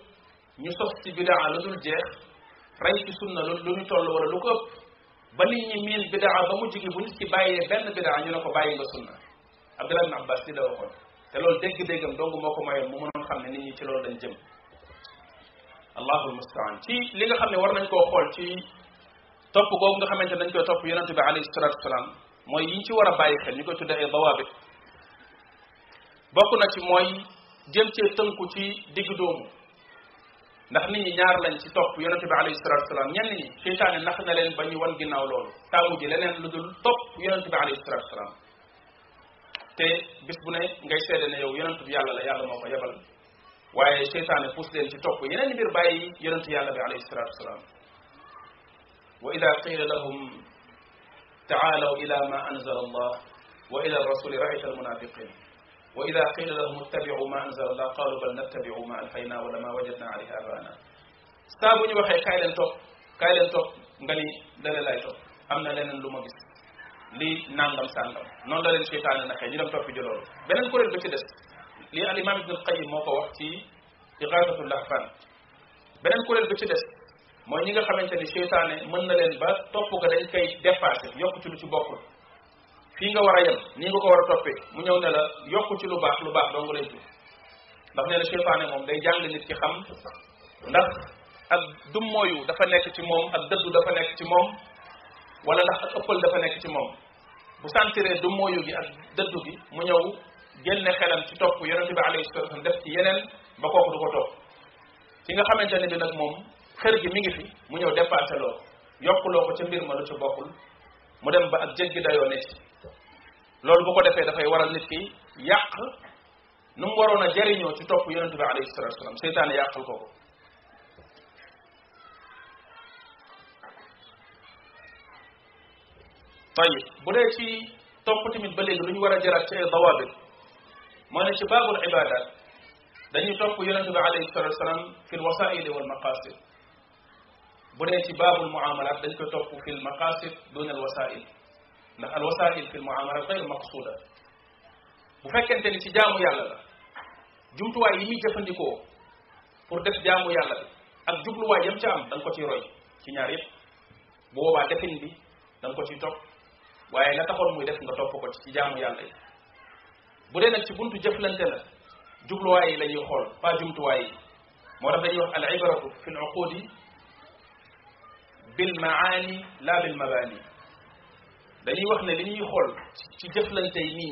ñu sos ci bidaa lu dul jeex rey ci sunna lu lu ñu toll wala lu ko ëpp ba nit ñi miin bidaa ba mu jigi bu nit ci bàyyee benn bidaa ñu ne ko bàyyi nga sunna abdullah ibn abbas li la waxoon te loolu dégg-déggam dong moo ko mayoon mu mënoon xam ne nit ñi ci loolu lañ jëm allahul mustaan ci li nga xam ne war nañ koo xool ci topp googu nga xamante dañ koy topp yonente bi alayhi salatu wasalaam mooy yiñ ci war a bàyyi xel ñu koy tuddee ay dawaabit bokk na ci mooy jëm cee tënku ci digg doomu ndax nit ñi ñaar lañ ci topp yonente bi alayhi salatu wasalaam ñenn ñi seytaane nax na leen ba ñu wan ginnaaw loolu taamu ji leneen lu dul topp yonente bi alayhi salatu wasalaam te bis bu ne ngay seede ne yow yonente bi yàlla la yàlla moo ko yebal waaye seytaane puus leen ci topp yeneen mbir bàyyi yonente yàlla bi alayhi salatu wasalaam wa ida qila lahum تعالوا إلى ما أنزل الله وإلى الرسول رأيت المنافقين وإذا قيل لهم اتبعوا ما أنزل الله قالوا بل نتبع ما ألفينا ولا ما وجدنا عليه آبانا سابوني وحي كايلن توك كايلن توك مغني دللاي توك أمنا لنن لما بس لي نانغم نعم نون دلن شيطان نعم نرم توفي جلول بلن كورل بكدس لي الإمام ابن القيم موقع وقتي إغاثة اللحفان بلن كورل بكدس mooy ñi nga xamante ni seytaane mën na leen ba topp ko dañ koy dépassé yokk ci lu ci bokkul fii nga war a yem nii nga ko war a toppee mu ñëw ne la yokk ci lu baax lu baax dong lay jur ndax ne na seytaane moom day jàng nit ki xam ndax ak dum mooyu dafa nekk ci moom ak dëddu dafa nekk ci moom wala ndax ak ëppal dafa nekk ci moom bu santiree dum mooyu gi ak dëddu gi mu ñëw génne xelam ci topp yonente bi alayhi salatu wasallam def ci yeneen ba kooku du ki nga xamante ne bi nag moom kër gi mi ngi fi mu ñëw dépassé loo yokkuloo ko ca mbir ma lu ci bokkul mu dem ba ak jéggi dayoo ne ci loolu bu ko defee dafay waral nit ki yàq nu mu waroon a jariñoo ci topp yonente bi alayhi salatu wasalam seytaane yàqal ko ko tayib bu dee ci topp tamit ba léegi lu ñu war a jëraat ci ay dawabit mooy ne ci baabul ibadat dañuy topp yonente bi alayhi salatu wasalam fi lwasaili walmaqasid bu dee ci baabul muamalat dañ ko topp fil maqasid dun al wasail ndax al wasail fil muamalat gayr maqsuda bu fekkente ni ci jaamu yàlla la jumtuwaay yi muy pour def jaamu yàlla bi ak jubluwaay yam ca am da nga ko ciy roy ci ñaar yëpp bu boobaa defin bi da nga ko ciy topp waaye la taxoon muy def nga topp ko ci jaamu yàlla yi bu dee nag ci buntu jëflante la jubluwaay yi la ñuy xool pas jumtuwaay yi moo tax dañuy wax al ibratu fil uqudi بالمعاني لا بالمباني داني واخنا لي ني خول سي جفلانتي نيت ني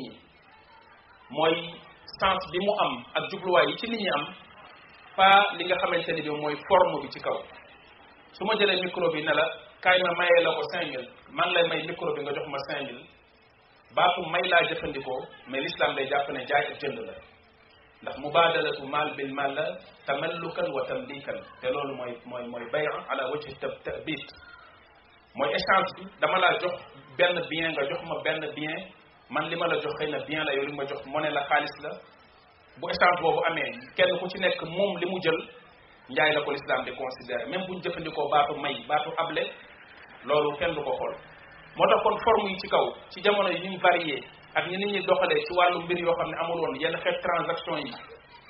موي سانس بي مو ام اك جوبلو واي سي نيت ام فا ليغا خامتاني بي موي فورم بي سي كاو سوما جالي ميكرو بي نالا كاي ما ماي لاكو 5000 مان لاي ماي ميكرو بي nga جوخ ما 5000 باكو ماي لا جفانديكو مي الاسلام داي جاب ني جاي تيند لا ndax mubadalatu mal bil mal la tamallukan wa tamlikan te loolu mooy mooy mooy bay ala tabit mooy dama jox bien nga jox ma bien man li la jox bien la yow li ma jox monnaie la la bu échange boobu amee kenn ku ci nekk moom li mu jël la considérer may baatu able loolu kenn du forme yi ci kaw ci ak ni ñi doxale ci walu mbir yo xam amul won yeen xet transaction yi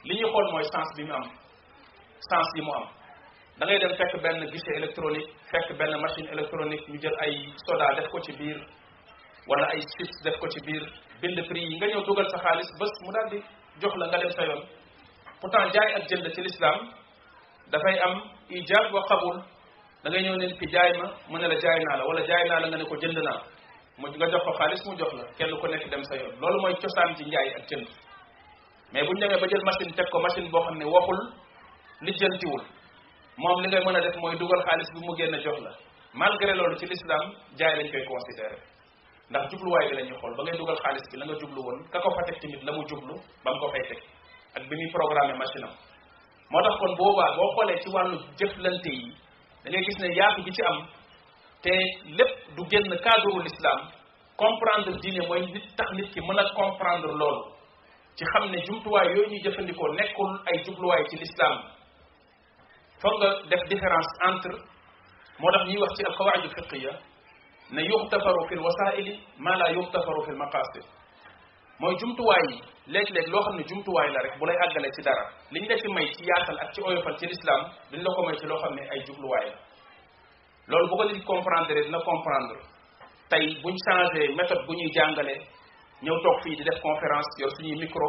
li ñi xol moy sens bi mu am sens yi mu am da ngay dem fekk benn guichet électronique fekk benn machine électronique ñu jël ay soda def ko ci biir wala ay chips def ko ci biir bind prix yi nga ñëw dugal sa xaalis bés mu daal di jox la nga dem sa yoon pourtant jaay ak jënd ci l'islam dafay am ijab wa qabul da ngay ñëw ne ki jaay ma mu ne la jaay naa la wala jaay naa la nga ne ko jënd naa mu nga jox ko xaalis mu jox la kenn ku nekk dem sa yoon loolu mooy cosaan ci njaay ak jënd mais bu ñu demee ba jël machine teg ko machine boo xam ne waxul lijjantiwul moom li ngay mën a def mooy dugal xaalis bi mu génn jox la malgré loolu ci l'islam jaay lañ koy considéré ndax jubluwaay bi la ñuy xool ba ngay dugal xaalis bi la nga jublu woon ka ko fa teg tamit la mu jublu ba mu ko fay teg ak bi muy programmé machine am moo tax kon boobaa boo xoolee ci wàllu jëflante yi da ngay gis ne yaatu bi ci am te lépp du génn cadre l'islam comprendre diine mooy nit tax nit ki mën a comprendre loolu ci xam ne jumtuwaay yooyu ñuy jëfandikoo nekkul ay jubluwaay ci l'islam foog nga def différence entre moo tax ñuy wax ci alqawaid fiqiya ne yuxtafaru fi lwasaili ma la yuxtafaru fi lmaqasid mooy jumtuwaay yi léeg-léeg loo xam ne jumtuwaay la rek bu lay àggale ci dara li ñu la ci may ci yaatal ak ci oyofal ci l'islam duñ la ko may ci loo xam ne ay jubluwaay la loolu bu ko nit comprendre dina comprendre tey buñ changé méthode bu ñuy jàngalee ñëw toog fii di def conférence yor suñuy micro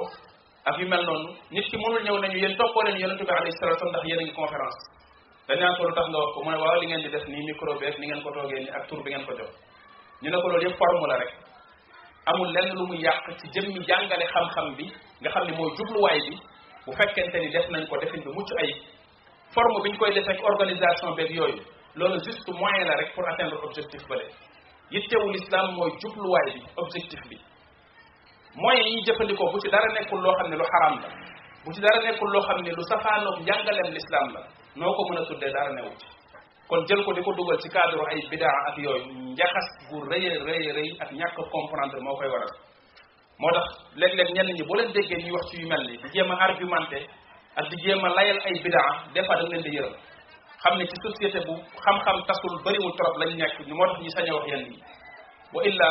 ak yu mel noonu nit ki mënul ñëw nañu yéen toppoo leen yonentu bi alayhi salatu wasallam ndax yéen a ngi conférence dañ naan solo tax nga wax ko mu ne waaw li ngeen di def nii micro beeg ni ngeen ko toogee ni ak tur bi ngeen ko jox ñu ne ko loolu yëpp forme la rek amul lenn lu mu yàq ci jëmmi jàngale xam-xam bi nga xam ne mooy jubluwaay bi bu fekkente ni def nañ ko defin bi mucc ay forme bi koy def ak organisation beeg yooyu loolu juste moyen la rek pour atteindre objectif bële yittewu l'islam mooy jubluwaay bi objectif bi moyen yi jëfandikoo bu ci dara nekkul loo xam ne lu xaram la bu ci dara nekkul loo xam ne lu safaanoog njàngaleem l'islam la noo ko mën a tuddee dara newu ci kon jël ko di ko dugal ci cadre ay bidaa ak yooyu njaxas gu rëy rëy rëy ak ñàkk comprendre moo koy waral moo tax léeg-léeg ñenn ñi boo leen déggee ñuy wax ci yu mel ni di jéem a argumenté ak di jéem a layal ay bidaa des fois da xam ne ci société bu xam-xam tasul bëriwul trop lañ nekk ñu moo tax ñu sañ a wax yenn yi wa illa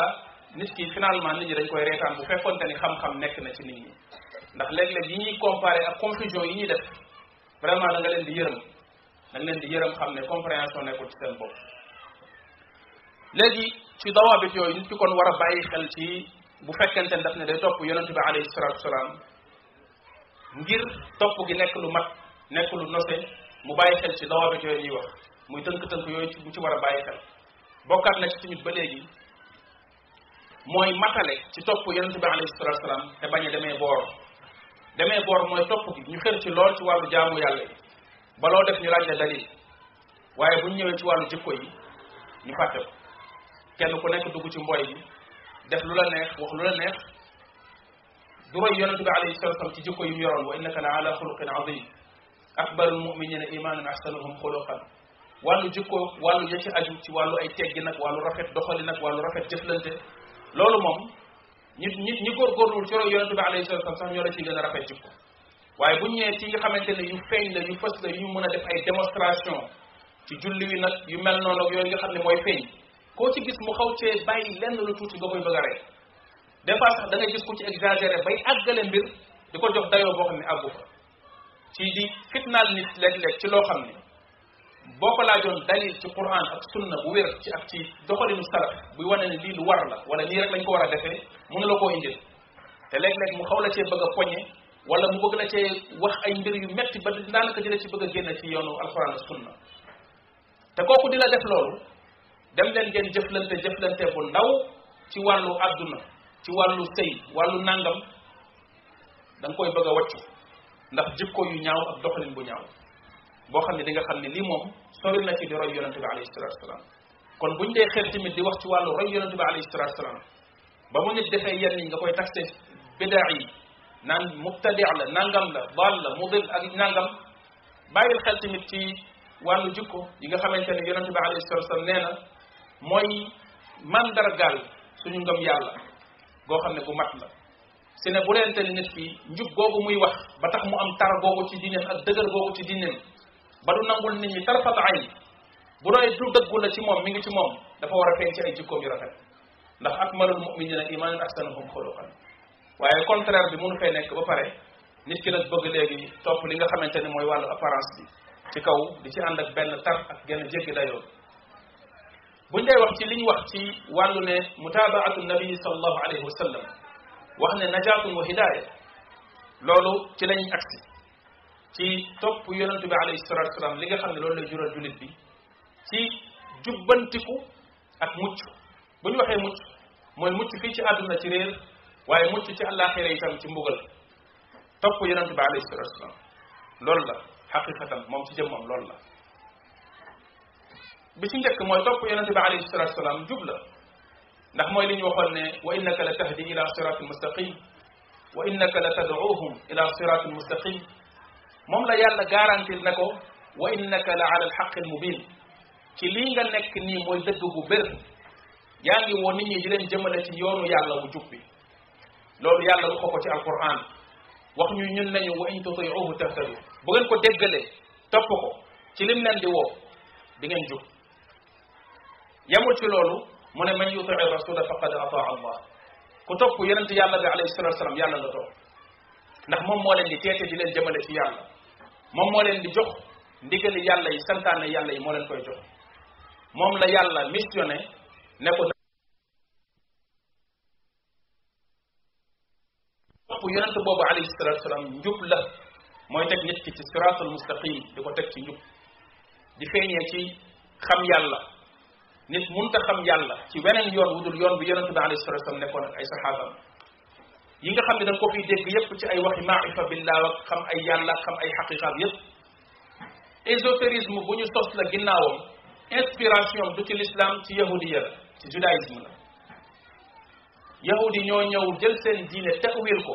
nit ki finalement nit ñi dañ koy reetaan bu fekkonte ni xam-xam nekk na ci nit ñi ndax leg leg yi ñuy comparé ak confusion yi ñuy def vraiment da nga leen di yërëm da nga leen di yërëm xam ne compréhension nekkul ci seen bopp léegi ci dawabit yooyu nit ki kon war a bàyyi xel ci bu fekkente daf ne day topp yonente bi alayhi salatu wasalaam ngir topp gi nekk lu mat nekk lu nose mu bàyyi xel ci dawaabit yooyu ñuy wax muy tënk-tënk yooyu bu ci war a bàyyi xel bokkaat na ci tamit ba léegi mooy matale ci topp yonente bi alayhi salatu salaam te bañ a demee boor demee boor mooy topp gi ñu xër ci lool ci wàllu jaamu yàlla yi ba loo def ñu laaj la dalil waaye bu ñu ñëwee ci wàllu jikko yi ñu fàtte kenn ku nekk dugg ci mboy bi def lu la neex wax lu la neex du roy yonente bi alayhi salatu salaam ci jikko yu mu yoroon wa innaka la ala xuluqin azim akbarul muminina imanan ahsanuhum xuluqan wàllu jikko wàllu ya ci aju ci wàllu ay teggi nag wàllu rafet doxali nag wàllu rafet jëflante loolu moom ñi ñi ñi góorgóorlul ci roy yonente bi alayhi salatu wasalam ñoo la ci gën a rafet jikko waaye bu ñëwee ci nga xamante ne yu feeñ la yu fës la yu mën a def ay démonstration ci julli wi nag yu mel noonu ak yooyu nga xam ne mooy feeñ koo ci gis mu xaw cee bàyyi lenn lu tuuti nga koy bëgg a rey des fois sax da ngay gis ku ci exagéré bay àggale mbir di ko jox dayoo boo xam ne àggu fa ci di fitnal nit leg leg ci loo xam ni boo ko laajoon dalil ci quran ak sunna bu wér ci ak ci doxalinu salaf bu wane ne lii lu war la wala nii rek lañ ko war a defee mënu la koo indil te leg leg mu xaw la cee bëgg a poñe wala mu bëgg la cee wax ay mbir yu metti ba daanaka di la ci bëgg a génn ci yoonu alquran ak sunna te kooku di la def loolu dem leen ngeen jëflante jëflante bu ndaw ci wàllu àdduna ci wàllu sëy wàllu nangam da nga koy bëgg a wàccu ndax jikko yu ñaaw ak doxalin bu ñaaw boo xam ne di nga xam ne lii moom sori na ci di roy yonente bi alayhi salatu wasalaam kon buñ dee xeet tamit di wax ci wàllu roy yonente bi alayhi salatu wasalaam ba mu nit defee yenn nga koy taxte bidaa yi naan mubtadi la nangam la dal la mudil ak nangam bàyyil xel tamit ci wàllu jikko yi nga xamante ne yonente bi alayhi salatu wasalaam nee na mooy mandargaal suñu ngëm yàlla goo xam ne gu mat la si ne bu leen teel nit ki njub googu muy wax ba tax mu am tar googu ci diineem ak dëgër googu ci diineem ba du nangul nit ñi tarfat ayn bu doy du dëggu la ci moom mi ngi ci moom dafa war a feeñ ci ay jikkoom yu rafet ndax akmalul muminina imaanan ahsanuhum xuluqan waaye contraire bi mënu fee nekk ba pare nit ki nag bëgg léegi topp li nga xamante ne mooy wàllu apparence bi ci kaw di ci ànd ak benn tar ak genn jéggi dayoo buñ dee wax ci liñ wax ci wàllu ne mutaabaatu nabi sallallahu alayhi wa sallam wax ne najaatun wa hidaaya loolu ci lañ agsi ci topp yonentu bi alayhi salatu wasalaam li nga xam ne loolu lay jural julit bi ci jubbantiku ak mucc bu ñu waxee mucc mooy mucc fii ci àdduna ci réer waaye mucc ci àllaaxira itam ci mbugal topp yonentu bi alayhi salatu wasalaam loolu la xaqiqatan moom ci jëmmam loolu la bi ci njëkk mooy topp yonentu bi alayhi salatu wasalaam jub la ndax mooy li ñu waxoon ne wa innaka la tahdi ila siratin mustaqim wa innaka la tad'uuhum ila siratin mustaqim moom la yàlla garantir ne ko wa innaka la ala alxaqi almubin ci lii nga nekk nii mooy dëgg bu bér yaa ngi woo nit ñi di leen jëmale ci yoonu yàlla bu jub bi loolu yàlla wax ko ci alquran wax ñu ñun nañu wa in tutiuhu tahtadu bu ngeen ko déggalee topp ko ci lim leen di woo di ngeen jub yamul ci loolu mu ne man yuti rasula faqad ataa allah ku topp yonent yàlla bi alayhi salatu wasalam yàlla la topp ndax moom moo leen di teete di leen jëmale ci yàlla moom moo leen di jox ndigali yàlla yi santane yàlla yi mo len koy jox mom la yàlla missioné ne ko topp yonent bobu alayhi salatu wasalam njub la moy tek nit ci siratul mustaqim diko tek ci njub di feñé ci xam yàlla nit munta xam yàlla ci weneen yoon wudul yoon bi yonente bi alayhi salatu wasallam nekkoon ak ay sahabam yi nga xam ne da ko fiy dégg yépp ci ay waxi maarifa billah ak xam ay yàlla xam ay xaqiqaat yépp ésotérisme bu ñu sos la ginnaawam inspiration du ci l'islam ci yahudiya la ci judaïsme la yahudi ñoo ñëw jël seen diine tawil ko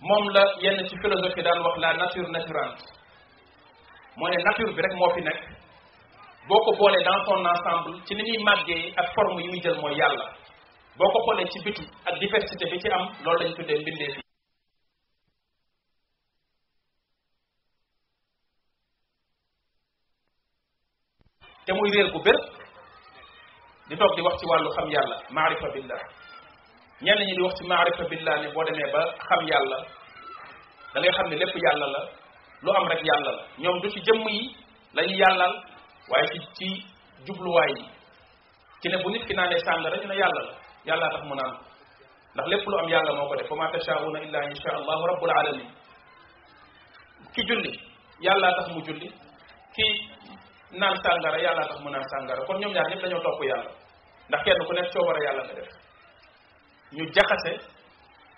moom la yenn ci philosophie daan wax la nature naturelle moo ne nature bi rek moo fi nekk boo ko boolee dans son ensemble ci ni muy màggee ak forme yi muy jël mooy yàlla boo ko xoolee ci biti ak diversité bi ci am loolu lañ tuddee mbindee fi te muy réer gu bér di toog di wax ci wàllu xam yàlla maarifa billah ñenn ñi di wax ci maarifa billah ne boo demee ba xam yàlla da xam ne lépp yàlla la lu am rek yàlla la ñoom du ci jëmm yi la ñu waaye ci ci yi ci bu nit ki naanee sàngara ñu yàlla la yàllaa tax mu naan ndax lépp lu am yàlla moo ko def wa ma tashauna illa an yasha allahu rabbul alamin ki julli yàllaa tax mu julli ki naan sàngara yàllaa tax mu naan sàngara kon ñoom ñaar ñëpp dañoo topp yàlla ndax kenn ku nekk coobara yàlla nga def ñu jaxase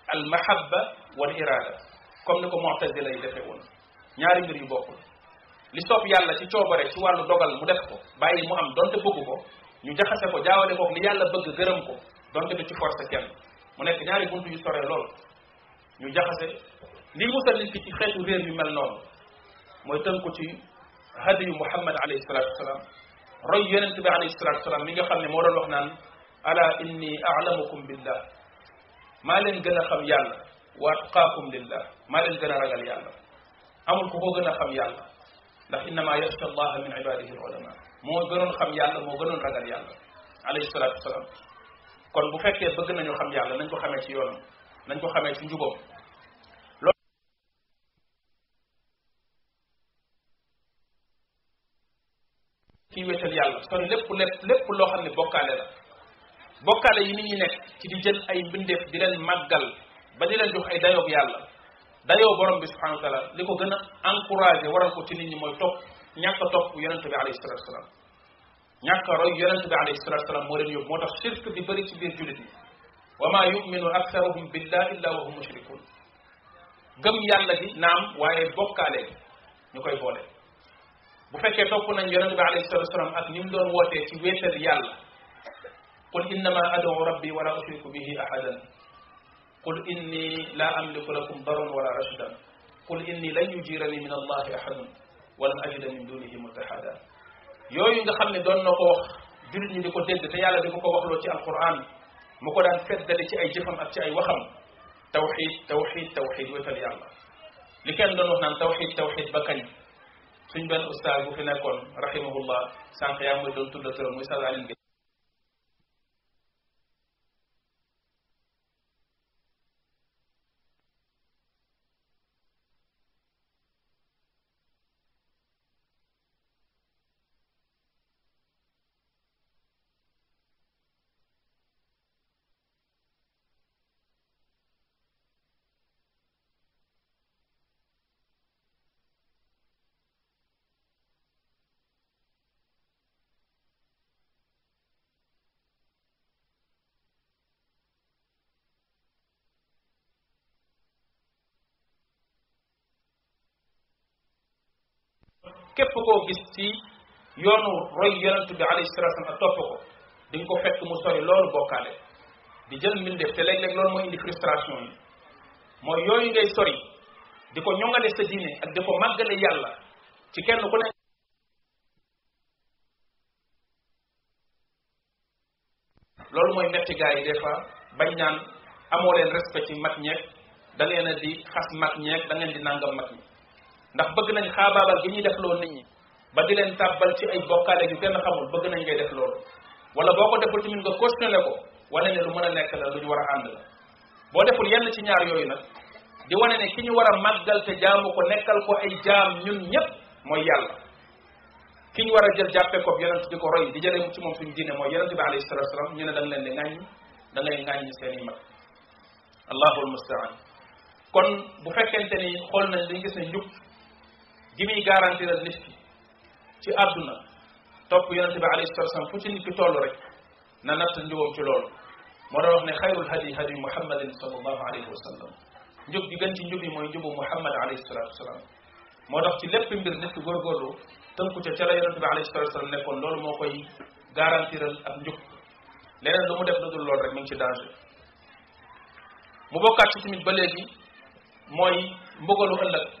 al mahabba wal irada comme niko ko mu'tazila yi defee woon ñaari mbir yu bokku li sopp yàlla ci ciobare ci walu dogal mu def ko bàyyi mu am donte bëgg ko ñu jaxase ko jaawale ko li yàlla bëgg gëreem ko donte du ci force kenn mu nek ñaari buntu yu sore lool ñu jaxase li musal nit ci xeetu réer yu mel noonu mooy tënku ci hadiyu muhammad alayhi salatu wasalam roy yonent bi alayhi salatu wasalam mi nga xam ne moo doon wax naan ala inni a'lamukum billah maa leen gën a xam yàlla wa atqaakum lillah maa leen gën a ragal yàlla amul ku ko gën a xam yàlla ndax innama yaxsha allaha min ibadihi alulama moo gënoon xam yàlla moo gënoon ragal yàlla alayhi salatu wasalaam kon bu fekkee bëgg nañu xam yàlla nañ ko xamee ci yoonam nañ ko xamee ci njubam ci wéetal yàlla sori lépp lépp lépp loo xam ne bokkaale la bokkaale yi nit ñi nekk ci di jël ay mbindeef di leen màggal ba di leen jox ay dayoog yàlla dayoo borom bi subhanahu wa taala li ko gën a encouragé waral ko ci nit ñi mooy topp ñàkk a topp yonente bi alayhi salatu wasalaam ñàkk a roy yonente bi alayhi salatu wasalaam moo leen yóbbu moo tax shirk di bëri ci biir julit ñi wa ma yuminu aktaruhum billah illa wa hum mushrikun gëm yàlla gi naam waaye bokkaale gi ñu koy boole bu fekkee topp nañ yonente bi alayhi salatu wasalaam ak ni mu doon wootee ci wéetal yàlla قل إنما أدعو ربي ولا أشرك به أحدا قل إني لا أملك لكم ضرا ولا رشدا قل إني لن يجيرني من الله أحد ولن أجد من دونه متحدا يوي نغا خامني دون نكو واخ جولي ني ديكو دنت تيالا ديكو كو واخلو سي القران مكو دان فدالي سي اي جيفام اك سي اي توحيد توحيد توحيد وتل يالا لي دون نقوخ توحيد توحيد بكاني سن بن استاذ بو في رحمه الله سان قيام دون تودو تورم مي سالالين képp koo gis ci yoonu roy yonent bi alayhi salatu wasallam topp ko ding ko fekk mu sori loolu bokkaale di jël mbindeef te léeg-léeg loolu moo indi frustration yi mooy yooyu ngay sori di ko ñongale sa diine ak di ko màggale yàlla ci kenn ku ne loolu mooy metti gaa yi des fois bañ naan amoo leen respect ci mat ñeeg da leen a di xas mat ñeeg da ngeen di nangam mat ñi ndax bëgg nañ xaabaabal gi ñuy def loolu nit ñi ba di leen tàbbal ci ay bokkaale yu kenn xamul bëgg nañ ngay def loolu wala boo ko deful tamit nga questionné ko wane ne lu mën a nekk la lu ñu war a ànd la boo deful yenn ci ñaar yooyu nag di wane ne ki ñu war a màggal te jaamu ko nekkal ko ay jaam ñun ñëpp mooy yàlla ki ñu war a jël jàppee ko yonent di ko roy di jëlee ci moom suñu diine mooy yonent bi alayhi salatu wasalam ñu da leen di ŋàññ da ngay ŋàññ seen i mag allahul mustaan kon bu fekkente ni xool nañ dañ gis ne gi garantir garantiral nit ki ci àdduna topp yonente bi alayhi salatu wasalam fu ci nit ki tollu rek na nat ndiwom ci loolu mo do wax ne xayrul hadi hadi muhammad sallallahu alayhi wasallam sallam njub gi gën ci njub moy mooy muhammad alayhi salatu wasallam mo do wax ci lépp mbir nit ki góorgóorlu tënku ca ci la yonente bi alayhi salatu wasalam nekkoon loolu mo koy garantir ak njub leneen lu mu def dudul dul rek mi ngi ci danger mu bokkat ci timit ba léegi mooy mbugalu ëllëg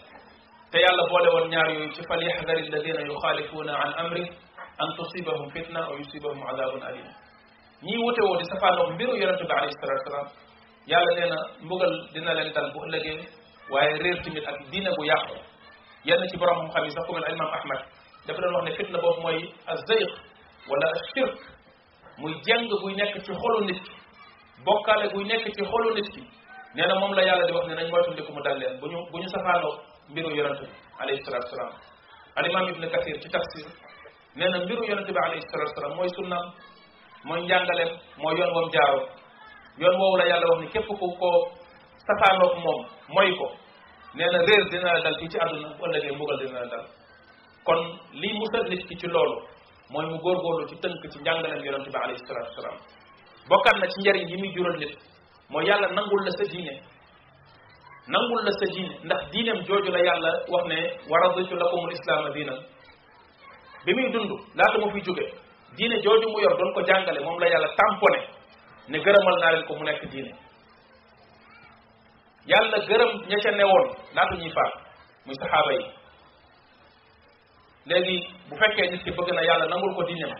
te yàlla boole woon ñaar yooyu ci fal yaxdari alladina yuxaalifuuna an amri an tusibahum fitna aw yusibahum adabun alim ñii wute woo di safaanoog mbiru yonente bi alayhi salatu wasalaam yàlla nee na mbugal dina leen dal bu ëllëgee waaye réer tamit ak diina bu yàqu yenn ci borom xam-xam yi sax ku mel al imam ahmad dafa doon wax ne fitna boobu mooy azayq wala ashirk muy jeng buy nekk ci xolu nit ki bokkaale buy nekk ci xolu nit ki nee na moom la yàlla di wax ne nañ moytandiku mu dal leen bu ñu bu ñu safaanoog mbiru yonente bi alayhi salatu wasalaam alimam ibne kathir ci tafsir nee na mbiru yonente bi alayhi salatu wasalaam mooy sunnaam mooy njàngaleem mooy yoon wam jaaroo yoon woowu yàlla wax ni képp ku ko safaanoog moom mooy ko nee na réer dina la dal fii ci àdduna bu ëllëgee mbugal dina la dal kon lii musal nit ki ci loolu mooy mu góor góorgóorlu ci tënk ci njàngaleem yonente bi alayhi salatu wasalaam bokkaat na ci njariñ yi muy jural nit mooy yàlla nangul la sa diine nangul la sa diine ndax diineem jooju la yàlla wax ne wa raditu lakumul islaama diinan bi muy dund laata mu fi jóge diine jooju mu yor doon ko jàngale moom la yàlla tamponné ne gërëmal naa leen ko mu nekk diine yàlla gërëm ña ca newoon laata ñuy faat muy saxaaba yi léegi bu fekkee nit ki bëgg na yàlla nangul ko diine ma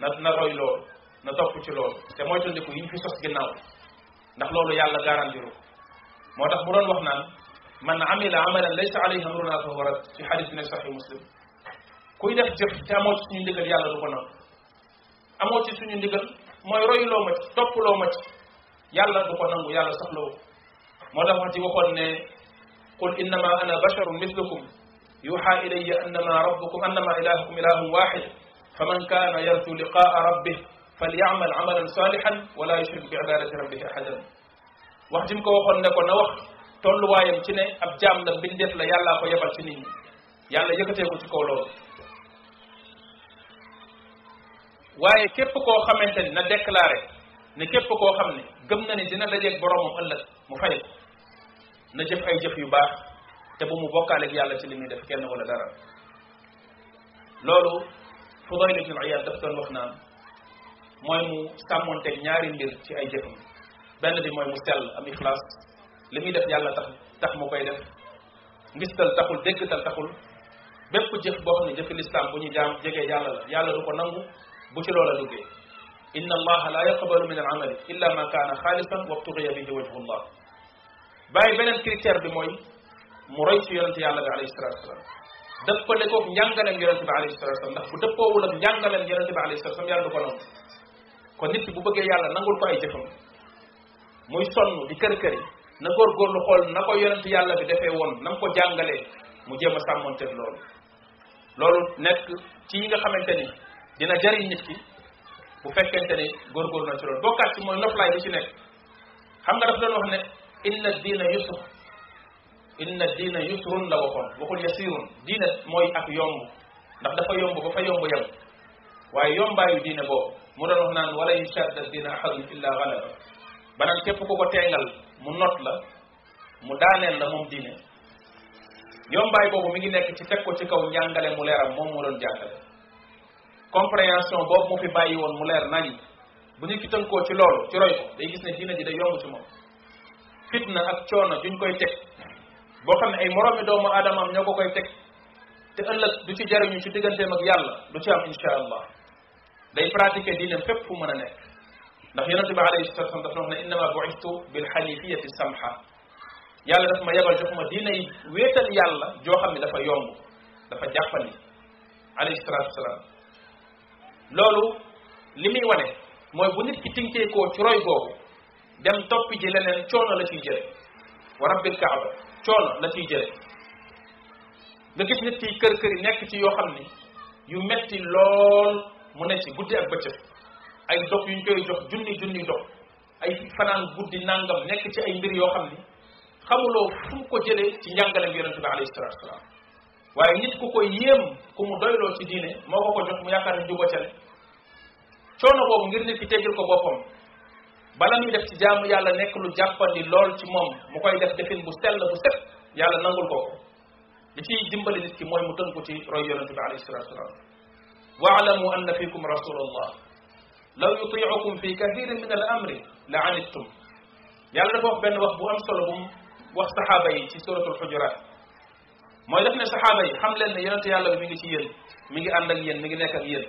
na na roy loolu na topp ci lool te moytandiku yi ñu fi sos ginnaaw ndax loolu yàlla garantiru ko موتاخ بودون واخنان من عمل عملا ليس عليه امرنا فهو رد في حديث نفس صحيح مسلم كوي داف جيف تامو سي سوني ديغال يالا دوكو نو امو سي سوني موي روي لو ما توپ لو ما يالا دوكو نو يالا سخلو موتاخ واخ واخون ني قل انما انا بشر مثلكم يوحى الي انما ربكم انما الهكم اله واحد فمن كان يرجو لقاء ربه فليعمل عملا صالحا ولا يشرك بعباده ربه احدا wax jim ko waxon ne ko na wax tollu wayam ci ne ab jaam la bindeef la yalla ko yebal ci nit yàlla yekete ko ci ko loolu waye kep ko xamanteni na déclarer ne kep ko xamne gëm na ni dina borom mu ëllëg mu fay na jëf ay jëf yu baax te bu mu ak yàlla ci li muy def kenn wala dara loolu Fudayl ibn Iyad daf doon wax naan mooy mu sàmmonteeg ñaari mbir ci ay jëfam benn bi mooy mu sell am ixlaas li muy def yàlla tax tax mu koy def ngistal taxul déggtal taxul bépp jëf boo xam ne jëfi lislaam bu ñu jaam jegee yàlla la yàlla du ko nangu bu ci loola duggee inna allah la yaqbalu min al amali illa ma kaana xaalisan wabtughiya bihi wajhu llah bàyyi beneen critère bi mooy mu roy ci yonente yàlla bi alayhi salatu wasalam dëpp ko lekoog njàngaleen yonente bi alayhi salatu wasalam ndax bu dëppoowul ak njàngaleen yonente bi alayhi salatu wasalam yàlla du ko nangu kon nit ki bu bëggee yàlla nangul ko ay jëfam muy sonn di kër këri na góorgóorlu xool na ko yonent yàlla bi defee woon na ko jàngalee mu jéem a sàmmonteeg loolu loolu nekk ci yi nga xamante ni dina jariñ nit ki bu fekkente ni góorgóor na ci loolu bokkaat ci mooy noflaay bi ci nekk xam nga daf doon wax ne inna diina yusuf inna diina yusrun la waxoon waxul yasirun diina mooy ak yomb ndax dafa yomb ba fa yomb yam waaye yombaayu diina boobu mu doon wax naan wala yushadda diina ahadun illa galaba banaan naan képp ko ko teengal mu not la mu daaneel la moom diine yombaay boobu mu ngi nekk ci teg ko ci kaw njàngale mu leeram moom moo doon jàngale compréhension boobu mu fi bàyyi woon mu leer nañ bu ñu ki tënkoo ci loolu ci roy ko day gis ne diine ji day yomb ci moom fitna ak coono juñ koy teg boo xam ne ay moroomi doomu aadamaam ñoo ko koy teg te ëllëg du ci jariñu ci digganteem ak yàlla du ci am insha allah day pratiquer diineem fépp fu mën a nekk ndax yonente bi alayhi salatu wasalam dafa wax ne innama bu'istu bil hanifiyati samha yàlla daf ma yabal jox ma diinay wéetal yàlla joo xam ne dafa yomb dafa jàppandi alayhi salatu wasalam loolu li muy wane mooy bu nit ki tinkeekoo ci roy googu dem topp ji leneen coono la ciy jële wa rabbil kaaba coono la ciy jële nga gis nit kiy kër kër yi nekk ci yoo xam ni yu metti lool mu ne ci guddi ak bëccëg ay dox yu ñu koy jox junni junni dox ay fanaan guddi nangam nekk ci ay mbir yoo xam ni xamuloo fu mu ko jëlee ci njàngalem yonente bi alayhi salatu waaye nit ku ko yéem ku mu doyloo ci diine moo ko ko jox mu yaakaar ne juba cale coono boobu ngir nit ki teggil ko boppam bala muy def ci jaamu yàlla nekk lu jàppandi lool ci moom mu koy def defin bu sell bu set yàlla nangul ko ko li ciy dimbali nit ki mooy mu ko ci roy yonente bi alayhi salatu wasalaam لو يطيعكم في كثير من الامر لعنتم يالا دافو بن واخ بو ام سولو بوم واخ صحابه يي سوره الحجرات ما دافني صحابه يي خام لين يونت يالا ميغي سي يين ميغي اندك يين ميغي نيكك يين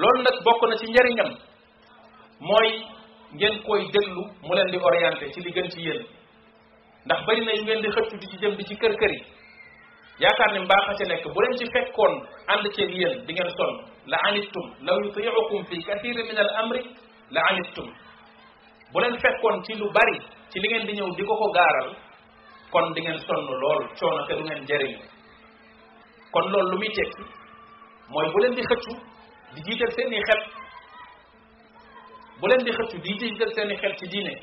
لول نك بوكو نا سي نجارينم موي نين كوي دغلو مولين دي اورينتي سي لي گن سي يين نده بارينا يي نين دي خطو دي سي جيم دي سي كير كير yaakaar ne mbaaxa ca nekk bu leen ci fekkoon ànd ceeg yéen di ngeen son la anittum law yutiicukum fi kathirin min al amri la anittum bu leen fekkoon ci lu bari ci li ngeen di ñëw di ko ko gaaral kon di ngeen sonn lool coono te du ngeen jëriñ kon loolu lu muy tekki mooy bu leen di xëccu di jiital seen i xel bu leen di xëccu di jiital seen i xel ci diine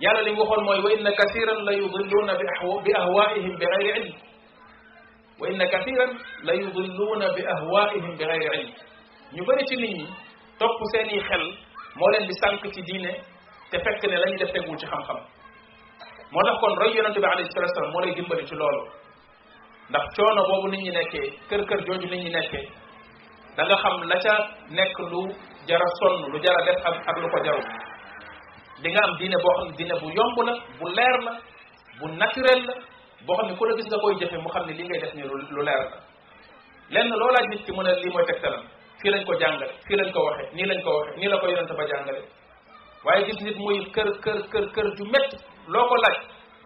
yàlla li mu waxoon mooy wa inna kathiran la yudilluna bi ahwaihim bi gayri ilm وإن كثيرا لا يضلون بأهوائهم بغير علم ñu bari ci nit ñi topp seeni xel moo leen di sànq ci diine te fekk ne lañu def tegul ci xam-xam moo tax kon roy yonente bi alayhi salatu wasalam moo lay dimbali ci loolu ndax coono boobu nit ñi nekkee kër kër jooju nit ñi nekkee da nga xam la ca nekk lu jara sonn lu jara def ak ak lu ko jarul di nga am diine boo xam diine bu yomb la bu leer la bu naturel la boo xam ne ku la gis nga koy jëfe mu xam ne li ngay def ni lu leer la lenn loo laaj nit ki mu ne lii mooy tegtalam fii lañ ko jàngale fii lañ ko waxe nii lañ ko waxe nii la ko yonente ba jàngale waaye gis nit muy kër kër kër kër ju métti loo ko laaj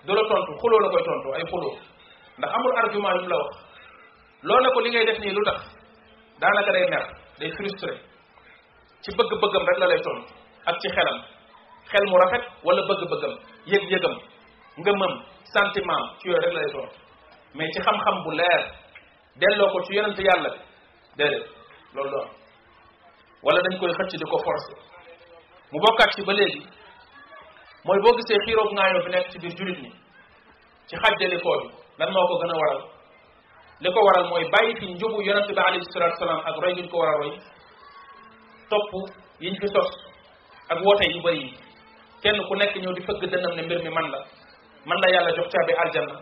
du la tontu xuloo la koy tontu ay xuloo ndax amul argument yu la wax loo ne ko li ngay def nii lu tax daanaka day mer day frustré ci bëgg-bëggam rek la lay tontu ak ci xelam xel mu rafet wala bëgg-bëggam yëg-yëgam ngëmëm sentiment ci yooyu rek lay doon mais ci xam-xam bu leer delloo ko ci yonent yàlla bi déedéet loolu doon wala dañ koy xëcc di ko forcer mu bokkaat ci ba léegi mooy boo gisee xiiroob ngaayoo fi nekk ci biir jullit ñi ci xajjali koo bi lan moo ko gën a waral li ko waral mooy bàyyi fi njubu yonent bi alayhi salatu salaam ak roy gi ñu ko war a roy topp yiñ fi sos ak woote yu bëri yi kenn ku nekk ñëw di fëgg dënnam ne mbir mi man la man la yàlla jox caabi aljanna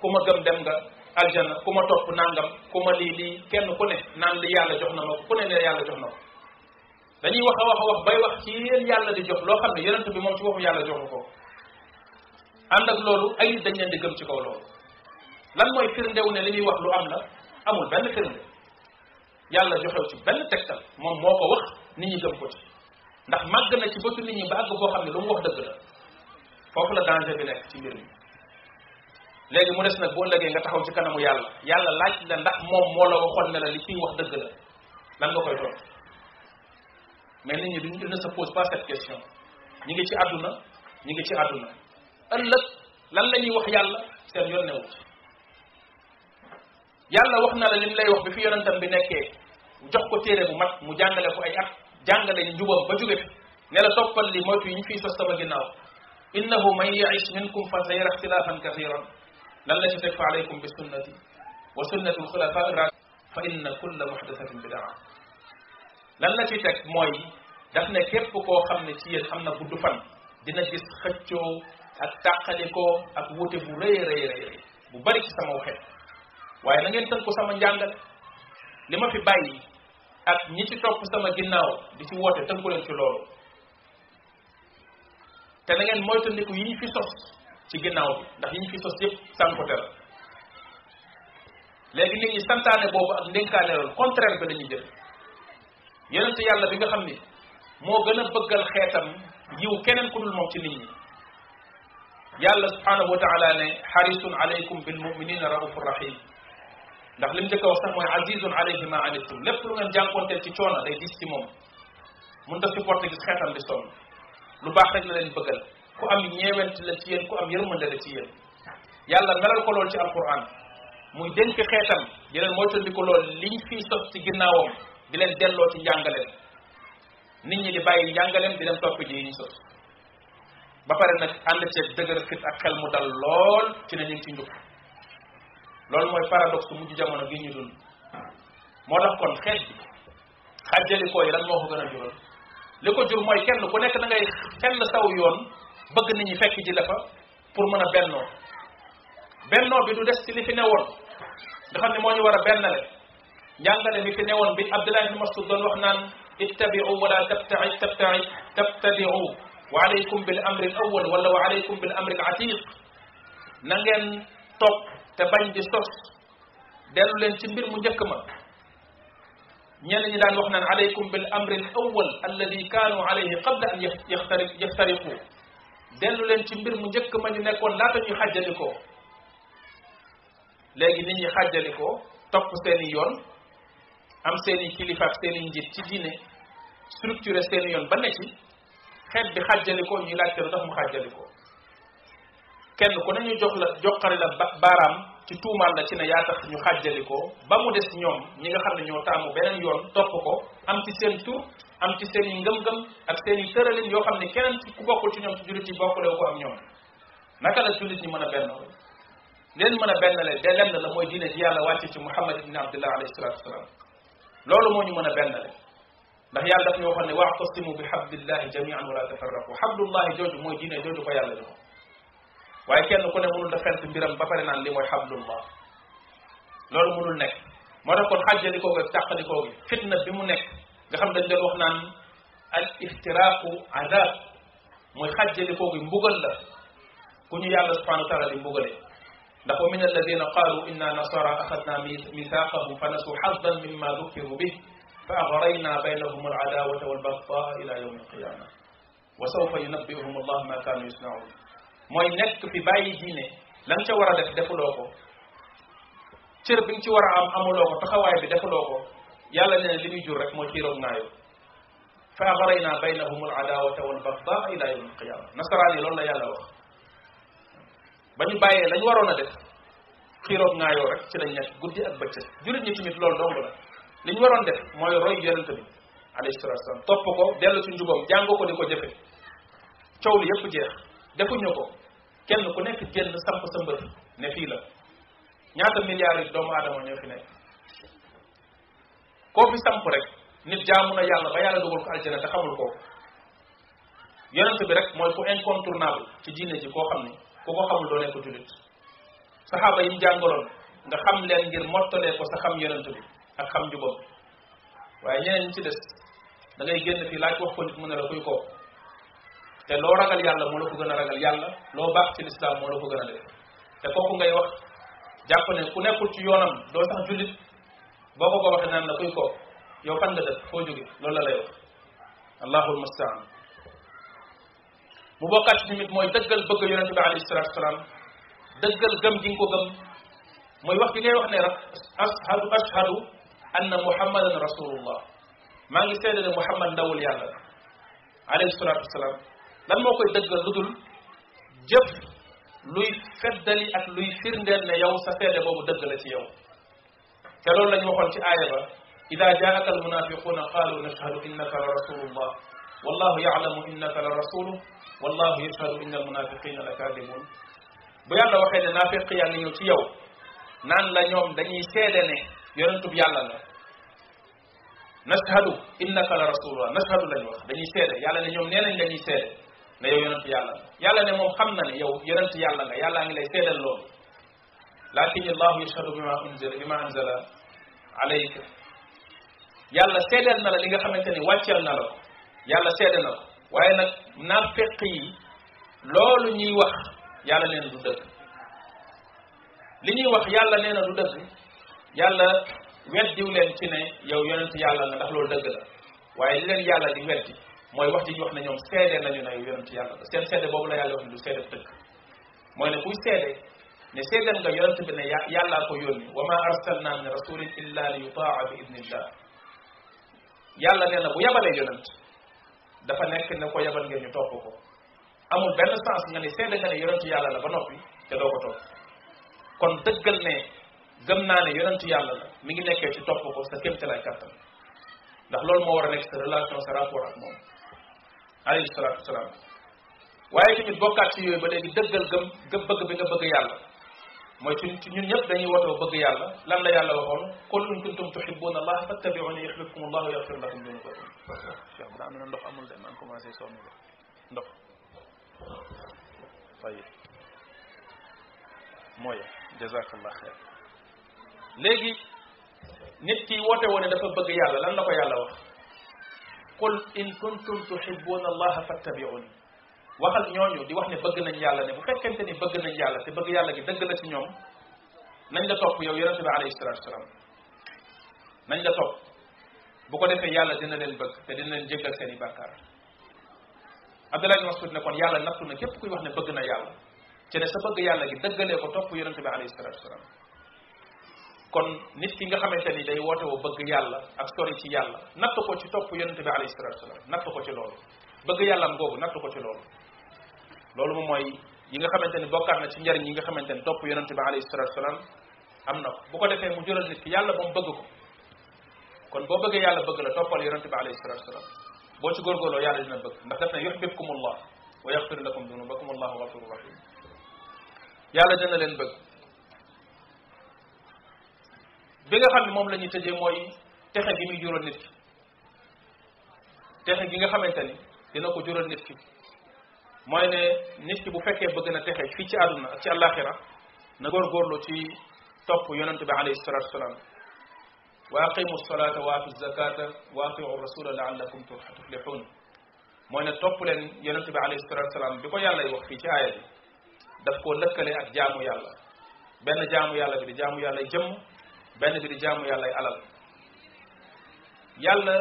ku ma gëm dem nga aljanna ku ma topp nangam ku ma lii lii kenn ku ne naan li yàlla jox na ma ku ne ne yàlla jox na ko dañuy wax a wax a wax bay wax ci yéen yàlla di jox loo xam ne yonent bi moom ci waxu yàlla jox ko ànd ak loolu ay nit dañ leen di gëm ci kaw loolu lan mooy firndew ne li muy wax lu am la amul benn firnde yàlla joxew ci benn tegtal moom moo ko wax nit ñi gëm ko ci ndax màgg na ci bëtu nit ñi ba àgg boo xam ne lu mu wax dëgg la foofu la danger bi nekk ci mbir mi léegi mu des nag bu ëllëgee nga taxaw ci kanamu yàlla yàlla laaj la ndax moom moo la waxoon ne la li fii wax dëgg la lan nga koy doon mais nit ñi duñ ne se pose pas cette question ñi ngi ci àdduna ñi ngi ci àdduna ëllëg lan la ñuy wax yàlla seen yoon newu ci yàlla wax na la lim lay wax bi fi yonentam bi nekkee jox ko téere bu mat mu jàngale ko ay at jàngale ñu njubam ba jóge ne la toppal li moytu yi ñu fiy sos sama ginnaaw انه من يعش منكم فسيرى اختلافا كثيرا لن تكف عليكم بسنتي وسنه الخلفاء الراشدين فان كل محدثه بدعه لن تك موي دافنا كيب كو خامني سي خامنا بود فان دينا جيس خيو اك تاخاليكو اك ووتي بو ري ري ري بو بري سي سما وخيت واي لا نين تنكو سما جانغال لما في باي اك نيتي توك سما غيناو دي سي ووتي تنكو لين سي لولو te na ngeen moytandiku yi fi sos ci ginnaaw bi ndax yi fi sos yëpp sànkote la léegi nit ñi santaane boobu ak ndénkaane loolu contraire bi lañuy jël yonente yàlla bi nga xam ni moo gën a bëggal xeetam yiw keneen ku dul moom ci nit ñi yàlla subhanahu wa taala ne xarisun alaykum bil muminina raufur rahim ndax lim njëkk wax sax mooy azizun alayhi ma anittum lépp lu ngeen jànkonteel ci coono day dis ci moom mun ta supporter gis xeetam di sonn lu baax rek la leen bëggal ku am ñeewent la ci yéen ku am yërmande la ci yéen yàlla melal ko lool ci alquran muy dénk xeetam di leen moytandiku lool liñ fiy sos ci ginnaawam di leen delloo ci njàngaleem nit ñi di bàyyi njàngaleem di leen topp ji yi ñu sos ba pare nag ànd ceeg dëgër fit ak xel mu dal lool ci ne ñu ci njub loolu mooy paradoxe mujj jamono gi ñu dund moo tax kon xeet bi xàjjalikoo yi lan moo ko gën a jural li ko jur mooy kenn ku nekk da ngay xel saw yoon bëgg nit ñi fekk ji la fa pour mën a bennoo bennoo bi du des ci li fi newoon nga xam ne moo ñu war a bennale njàngale mi fi newoon bi abdullah ibn masud doon wax naan ittabiu wala tabtai tabtai tabtadiu wa alaykum bil amri al awal wala wa alaykum bil amri al atiq na ngeen topp te bañ di sos dellu leen ci mbir mu njëkk ma ñenn ñi daan wax naan alaykum bil amri al awwal alladhi kanu alayhi qabla an yaxtari yaxtariqu dellu leen ci mbir mu njëkk ma ñu nekkoon laata ñuy xajjaliko léegi nit ñi xajjaliko topp seen yoon am seeni kilifa ak seeni njit ci diine structuré seen yoon ba ne ci xeet bi xajjaliko ñuy laajte lu tax mu xajjaliko kenn ku nañu jox la joxari la baram ci tuumaal la ci ne yaa tax ñu xajjaliko ba mu des ñoom ñi nga xam ne ñoo taamu beneen yoon topp ko am ci seen tur am ci seen i ngëm-ngëm ak seen i tëralin yoo xam ne keneen ku bokkul ci ñoom ci jullit yi bokkule ko am ñoom naka la jullit ñi mën a benn leen mën a bennale de lenn la mooy diine ji yàlla wàcce ci muhammad ibni abdullah alayhi salatu wasalaam loolu moo ñu mën a bennale ndax yàlla daf ñoo waxoon ne waxtasimu bi xablillahi jamian wala tafarraqu xablullahi jooju mooy diine jooju ko yàlla jox waye kenn ku ne mënul da fent mbiram ba pare naan li moy hablullah loolu mënul nekk mo tax kon xàjjalikoo gi ak tàqalikoo gi fitna bi mu nekk nga xam dañ doon wax naan al iftiraqu adab mooy xàjjalikoo gi mbugal la ku ñu yàlla subhanahu wa taala di mbugale ndax wa min alladina qalu inna nasara akhadna mithaqahum fa nasu xadan mimma dhukiru bih fa agrayna baynahum al adawata wal bagdaa ila yawmi alqiyama wa sawfa yunabbiuhum allah ma kanu yasnaun moy nek fi bàyyi diine lam nga ca war def defuloo ko cër biñ ci wara am amuloo ko taxawaay bi defuloo ko yàlla nee na li muy jur rek ci xiiroog naayo fa axarayna baynahum al adawata wal bagdaa ila yawm al qiyama nasaraan yi loolu la yàlla wax ba ñu lañ waroon a def xiiroog naayoo rek ci lañ nekk guddi ak bëcc jurit ñi tamit loolu dong la li ñu waroon def mooy roy yonente bi alayhi salatu wasalam topp ko dellu ci njubam jàng ko di ko jëfe coow li yëpp jeex defuñu ko kenn ku nekk génn samp sa mbër ne fii la ñaata milliards yi doomu aadama ñoo fi nekk koo fi samp rek nit jaamu na yàlla ba yàlla dugal ko aljana te xamul ko yonent bi rek mooy ku incontournable ci diine ji koo xam ni ku ko xamul doo nekk ko jullit saxaaba yi mu jàngaloon nga xam leen ngir mottalee ko sa xam yonent bi ak xam njubam waaye ñeneen ñi ci des da ngay génn fii laaj wax ko nit mu ne la kuy ko te loo ragal yàlla moo la ko gën a ragal yàlla loo baax ci lislaam moo la ko gën a def te kooku ngay wax jàpp ne ku nekkul ci yoonam doo sax jullit boo ko ko waxee naan la kuy ko yow fan nga def foo jóge loolu la lay wax allahul mustaan mu bokkaat ci tamit mooy dëggal bëgg yonente bi alayhi salatu wasalaam dëggal gëm gi nga ko gëm mooy wax gi ngay wax ne rek ashadu ashadu anna muhammadan rasulullah maa ngi seede ne muhammad ndawul yàlla alayhi salatu wasalaam lan moo koy dëggal lu dul jëf luy feddali ak luy firndeel ne yow sa seede boobu dëgg la ci yow te loolu lañ waxoon ci aaya ba ida jaaka almunafiquna qalu nashhadu innaka la rasulullah wallahu yalamu innaka la rasulu wallahu yashhadu inna almunafiqina la kadibun bu yàlla waxee ne nafiq yaa ngi ñëw ci yow naan la ñoom dañuy seede ne yonentub yàlla la nashhadu innaka la rasulullah nashhadu lañ wax dañuy seede yàlla ne ñoom nee nañ dañuy seede ne yow yonent yàlla yàlla ne moom xam na ne yow yonent yàlla nga yàllaa ngi lay seedal loolu lakin allahu yashhadu bima unzila bima anzala alayka yàlla seedal na la li nga xamante ni wàcceel na la ko yàlla seedal na ko waaye nag naafeq yi loolu ñuy wax yàlla nee na du dëgg li ñuy wax yàlla nee na du dëgg yàlla weddiw leen ci ne yow yonent yàlla nga ndax loolu dëgg la waaye li leen yàlla di weddi mooy wax ji ñu wax ne ñoom seede lañu ne yonent yàlla seen seede boobu la yàlla wax ne du seede bu dëkk mooy ne kuy seede ne seedeel nga yonent bi ne yàllaa ko yónni wa ma arsalna min rasulin illa li yutaa bi idnillah yàlla nee na bu yabalee yonent dafa nekk ne ko yabal ngeen ñu ko amul benn sens nga ne seede nga yàlla la ba noppi te doo ko topp kon dëggal ne gëm naa ne yonent yàlla la mi ngi nekkee ci topp ko sa kéemtalaay kàttan ndax loolu moo war a nekk sa relation sa rapport ak moom alayhi salatu wasalaam waaye tamit bokkaat ci yooyu ba léegi dëggal gëm gëm bëgg bi nga bëgg yàlla mooy ci ci ñun ñëpp dañuy wotoo bëgg yàlla lan la yàlla waxoon qul in kuntum tuhibbuna allah fattabi'uni yuhibbukum allah wa yaghfir lakum dhunubakum cheikh bu am na ndox amul de man commencé sonn la ndox fay mooy jazakallah khair léegi nit ki woote woon ne dafa bëgg yàlla lan la ko yàlla wax qul in kuntum tuhibbuna allaha fattabi'uni waxal ñooñu di wax ne bëgg nañ yàlla ne bu fekkente ni bëgg nañ yàlla te bëgg yàlla gi dëgg la ci ñoom nañ la topp yow yonente bi alayhi salatu wasalaam nañ la topp bu ko defee yàlla dina leen bëgg te dina leen jéggal seen i bàkkaar abdullah ibn masud ne kon yàlla nattu na képp kuy wax ne bëgg na yàlla ci ne sa bëgg yàlla gi dëggalee ko topp yonente bi alayhi salatu wasalaam kon nit ki nga xamanteni day wote wo bëgg yàlla ak sori ci yàlla natt ko ci topp yonente bi alayhi salatu wasalam natt ko ci loolu bëgg yàllam googu natt ko ci loolu loolu moom mooy yi nga xamanteni ni bokkaat na ci njariñ yi nga xamanteni ni topp yonente bi alayhi salatu wasalam am na ko bu ko defee mu jural nit ki yàlla moom bëgg ko kon boo bëggee yàlla bëgg la toppal yonente bi alayhi salatu wasalam boo ci góorgóorloo yàlla dina bëgg ndax def na yuhibbukum allah wa yaghfir lakum dunubakum wallahu ghafurur rahim yàlla dina leen bëgg bi nga xam mom lañu la moy texe gi mi jural nit ki texe gi nga xamanteni dina ko jural nit ki moy ne nit ki bu fekkee bëgg na texe fi ci aduna ak ci àllaaxira na gor gor lo ci top yonente bi alayhi salatu wassalam wa aqimu salata wa atu zakata wa atiu rasula laallakum tuflihun moy ne top len yonente bi alayhi salatu wassalam bi ko yalla wax fi ci aaya daf ko lëkkale ak jaamu yàlla ben jaamu yàlla bi jaamu yàlla jëm benn bi di jaamu yàlla ay alal yàlla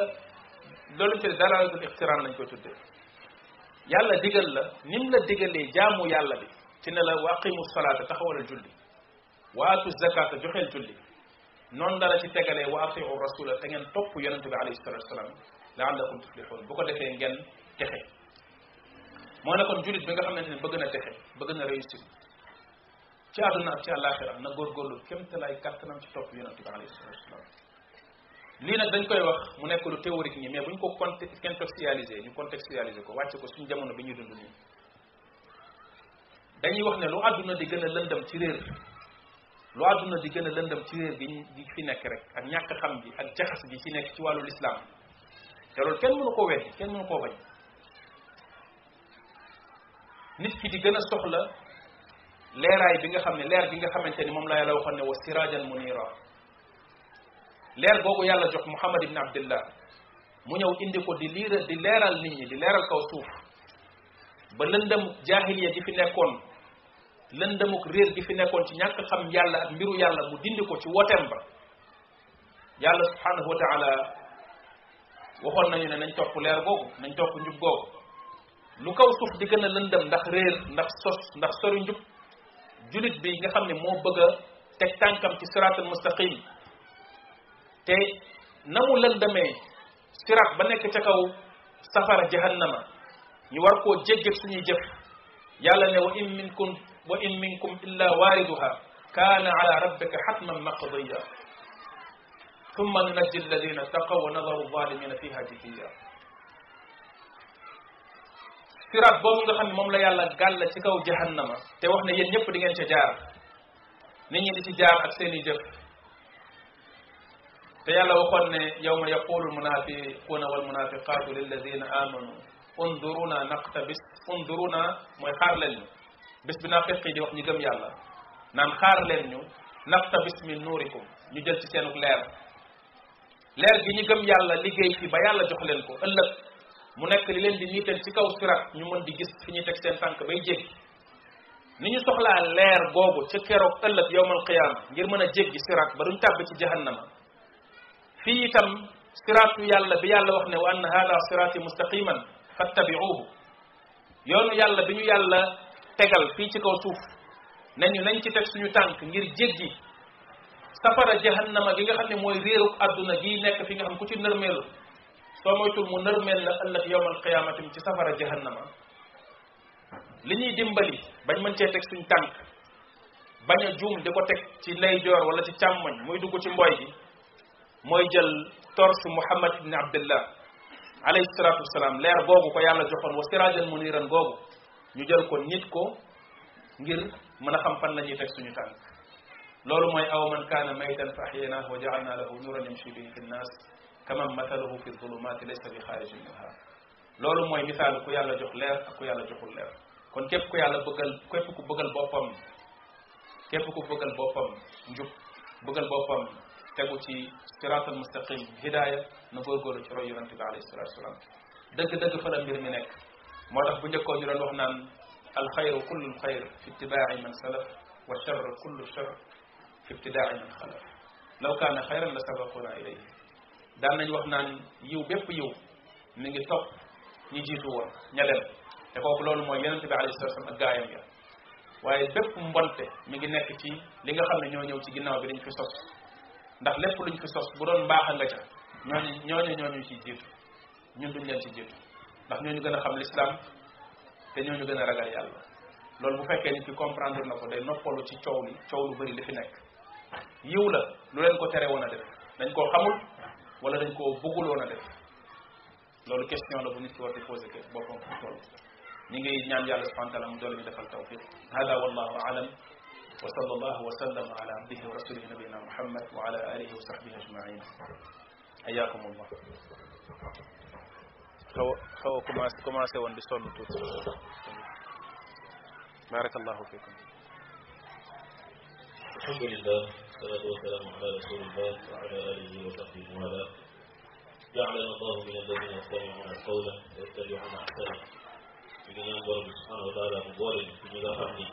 loolu ci dalaalatul ixtiraan lañ ko tuddee yàlla digal la nim la digalee jaamu yàlla bi ci ne la waqimu salaata taxawalal julli waatu zakata joxeel julli noonu la la ci tegalee wa atiu rasula te ngeen topp yonente bi alayhi salatu wasalaam laallakum tuflixuun bu ko defee ngeen texe moo ne kon jullit bi nga xamante ne bëgg na texe bëgg na réussir ci àdduna ak ci àllaaxira na góorgóorlu kémtalaay kàttanam ci topp yonente bi alayhi salatu wasalam lii nag dañ koy wax mu nekk lu théorique nii mais bu ñu ko contextualiser ñu contextualiser ko wàcce ko suñu jamono bi ñu dund nii dañuy wax ne lu àdduna di gën a lëndam ci réer lu àdduna di gën a lëndam ci réer gi fi nekk rek ak ñàkk xam gi ak jaxas gi ci nekk ci wàllu lislaam te loolu kenn mënu koo weddi kenn mënu koo bañ nit ki di gën a soxla leeraay bi nga xam ne leer bi nga xamante ni moom la yàlla waxoon ne wa sirajan munira leer googu yàlla jox muhammad ibn abdillah mu ñëw indi ko di liira di leeral nit ñi di leeral kaw suuf ba lëndëm jaahiliya gi fi nekkoon lëndëmuk réer gi fi nekkoon ci ñàkk xam yàlla ak mbiru yàlla mu dindi ko ci wotem ba yàlla subhanahu wa taala waxoon nañu ne nañ topp leer googu nañ topp njub googu lu kaw suuf di gën a lëndëm ndax réer ndax sos ndax sori njub julit bi nga xamne mo bëgg tek tànkam ci sirat al mustaqim te namu lan demé sirat ba nek ci kaw safara jahannama ñu war ko jéggé suñu jëf yàlla ne wa in minkum wa in minkum illa waridha kana ala rabbika hatman maqdiya ثم ننجي الذين اتقوا ونظر الظالمين فيها جثيا siraat boobu nga xam ne moom la yàlla gàll ci kaw jahannama te wax ne yéen ñëpp di ngeen ca jaar nit ñi di ci jaar ak seen i jëf te yàlla waxoon ne yawma yaqulu almunafiquna walmunafiqatu lilladina amanu unduruna naqtabis unduruna mooy xaar leen ñu bis bi nafiq yi di wax ñu gëm yàlla naan xaar leen ñu naqtabis min nuurikum ñu jël ci seenuk leer leer gi ñu gëm yàlla liggéey fi ba yàlla jox leen ko ëllëg mu nekk li leen di niital ci kaw sirat ñu mën di gis fi ñuy teg seen tànk bay jéggi ni ñu soxlaa leer googu ca keroog ëllëg yowmal qiyaama ngir mën a jéggi sirat ba duñ tàbb ci jahannama fii itam siratu yàlla bi yàlla wax ne wa anna hada sirati mustaqiman fattabiuhu yoonu yàlla bi ñu yàlla tegal fii ci kaw suuf nañu nañ ci teg suñu tànk ngir jéggi safara jahannama gi nga xam ne mooy réeruk àdduna gi nekk fi nga xam ku ci nërmeelu soo moytul mu nërmeel la ëllëg yowmal qiyaamatim ci safara jahannama li ñuy dimbali bañ mën cee teg suñ tànk bañ a juum di ko teg ci ndeyjoor wala ci càmmoñ muy dugg ci mboy gi mooy jël torsu muhammad ibni abdillah alayhi salaatu wasalaam leer boobu ko yàlla joxoon wa siraajan muniran boobu ñu jël ko nit ko ngir mën a xam fan la ñuy teg suñu tànk loolu mooy aw man kaana maytan fa ahyaynahu wa ja'alna lahu nuran yamshi bihi fi nnaas كما مثله في الظلمات ليس بخارج منها لولو موي مثال كو يالا جوخ لير كو يالا جوخول لير كون كيف كو يالا بغل كيف كو بغل بوبام كيف كو بغل بوبام نجوب بغل بوبام تيغو تي صراط المستقيم هدايه نغور غورو تي روي يونت عليه الصلاه والسلام دك دك فلا مير مي نيك موتاخ بو نيكو نيرون واخ نان الخير كل الخير في اتباع من سلف والشر كل الشر في ابتداع من خلف لو كان خيرا لسبقونا اليه daan nañ wax naan yiw bépp yiw mi ngi topp ñu jiitu woon ña te kooku loolu mooy yonente bi alayhi salaam ak gaayam ya waaye bépp mbonte mi ngi nekk ci li nga xam ne ñoo ñëw ci ginnaaw bi dañ fi sos ndax lépp luñ fi sos bu doon mbaax a nga ca ñooñu ñooñu ñooñu ci jiitu ñun duñ leen ci jiitu ndax ñooñu gën a xam lislaam te ñooñu gën a ragal yàlla loolu bu fekkee nit ki comprendre na ko de noppalu ci coow li coow lu bëri li fi nekk yiw la lu leen ko tere woon a def dañ koo xamul wala dañ koo bëgguloon a def loolu question la bu nit ki war di posé ke boppam fu toll ñi ngay ñaan yàlla subhanahu taala mu dolli ñu defal tawfiq hada wallahu alam wa sallallahu wa sallam ala abdihi wa rasulihi nabiyina muhammad wa ala alihi wa sahbihi ajmain ayakum allah xaw xaw a commencé commencé woon di sonn tuuti barakallahu fikum alhamdulillah والصلاة والسلام على رسول الله وعلى آله وصحبه ومن جعلنا الله من الذين يستمعون القول ويتبعون أحسنه من ينظر سبحانه وتعالى مبارك في مدافعني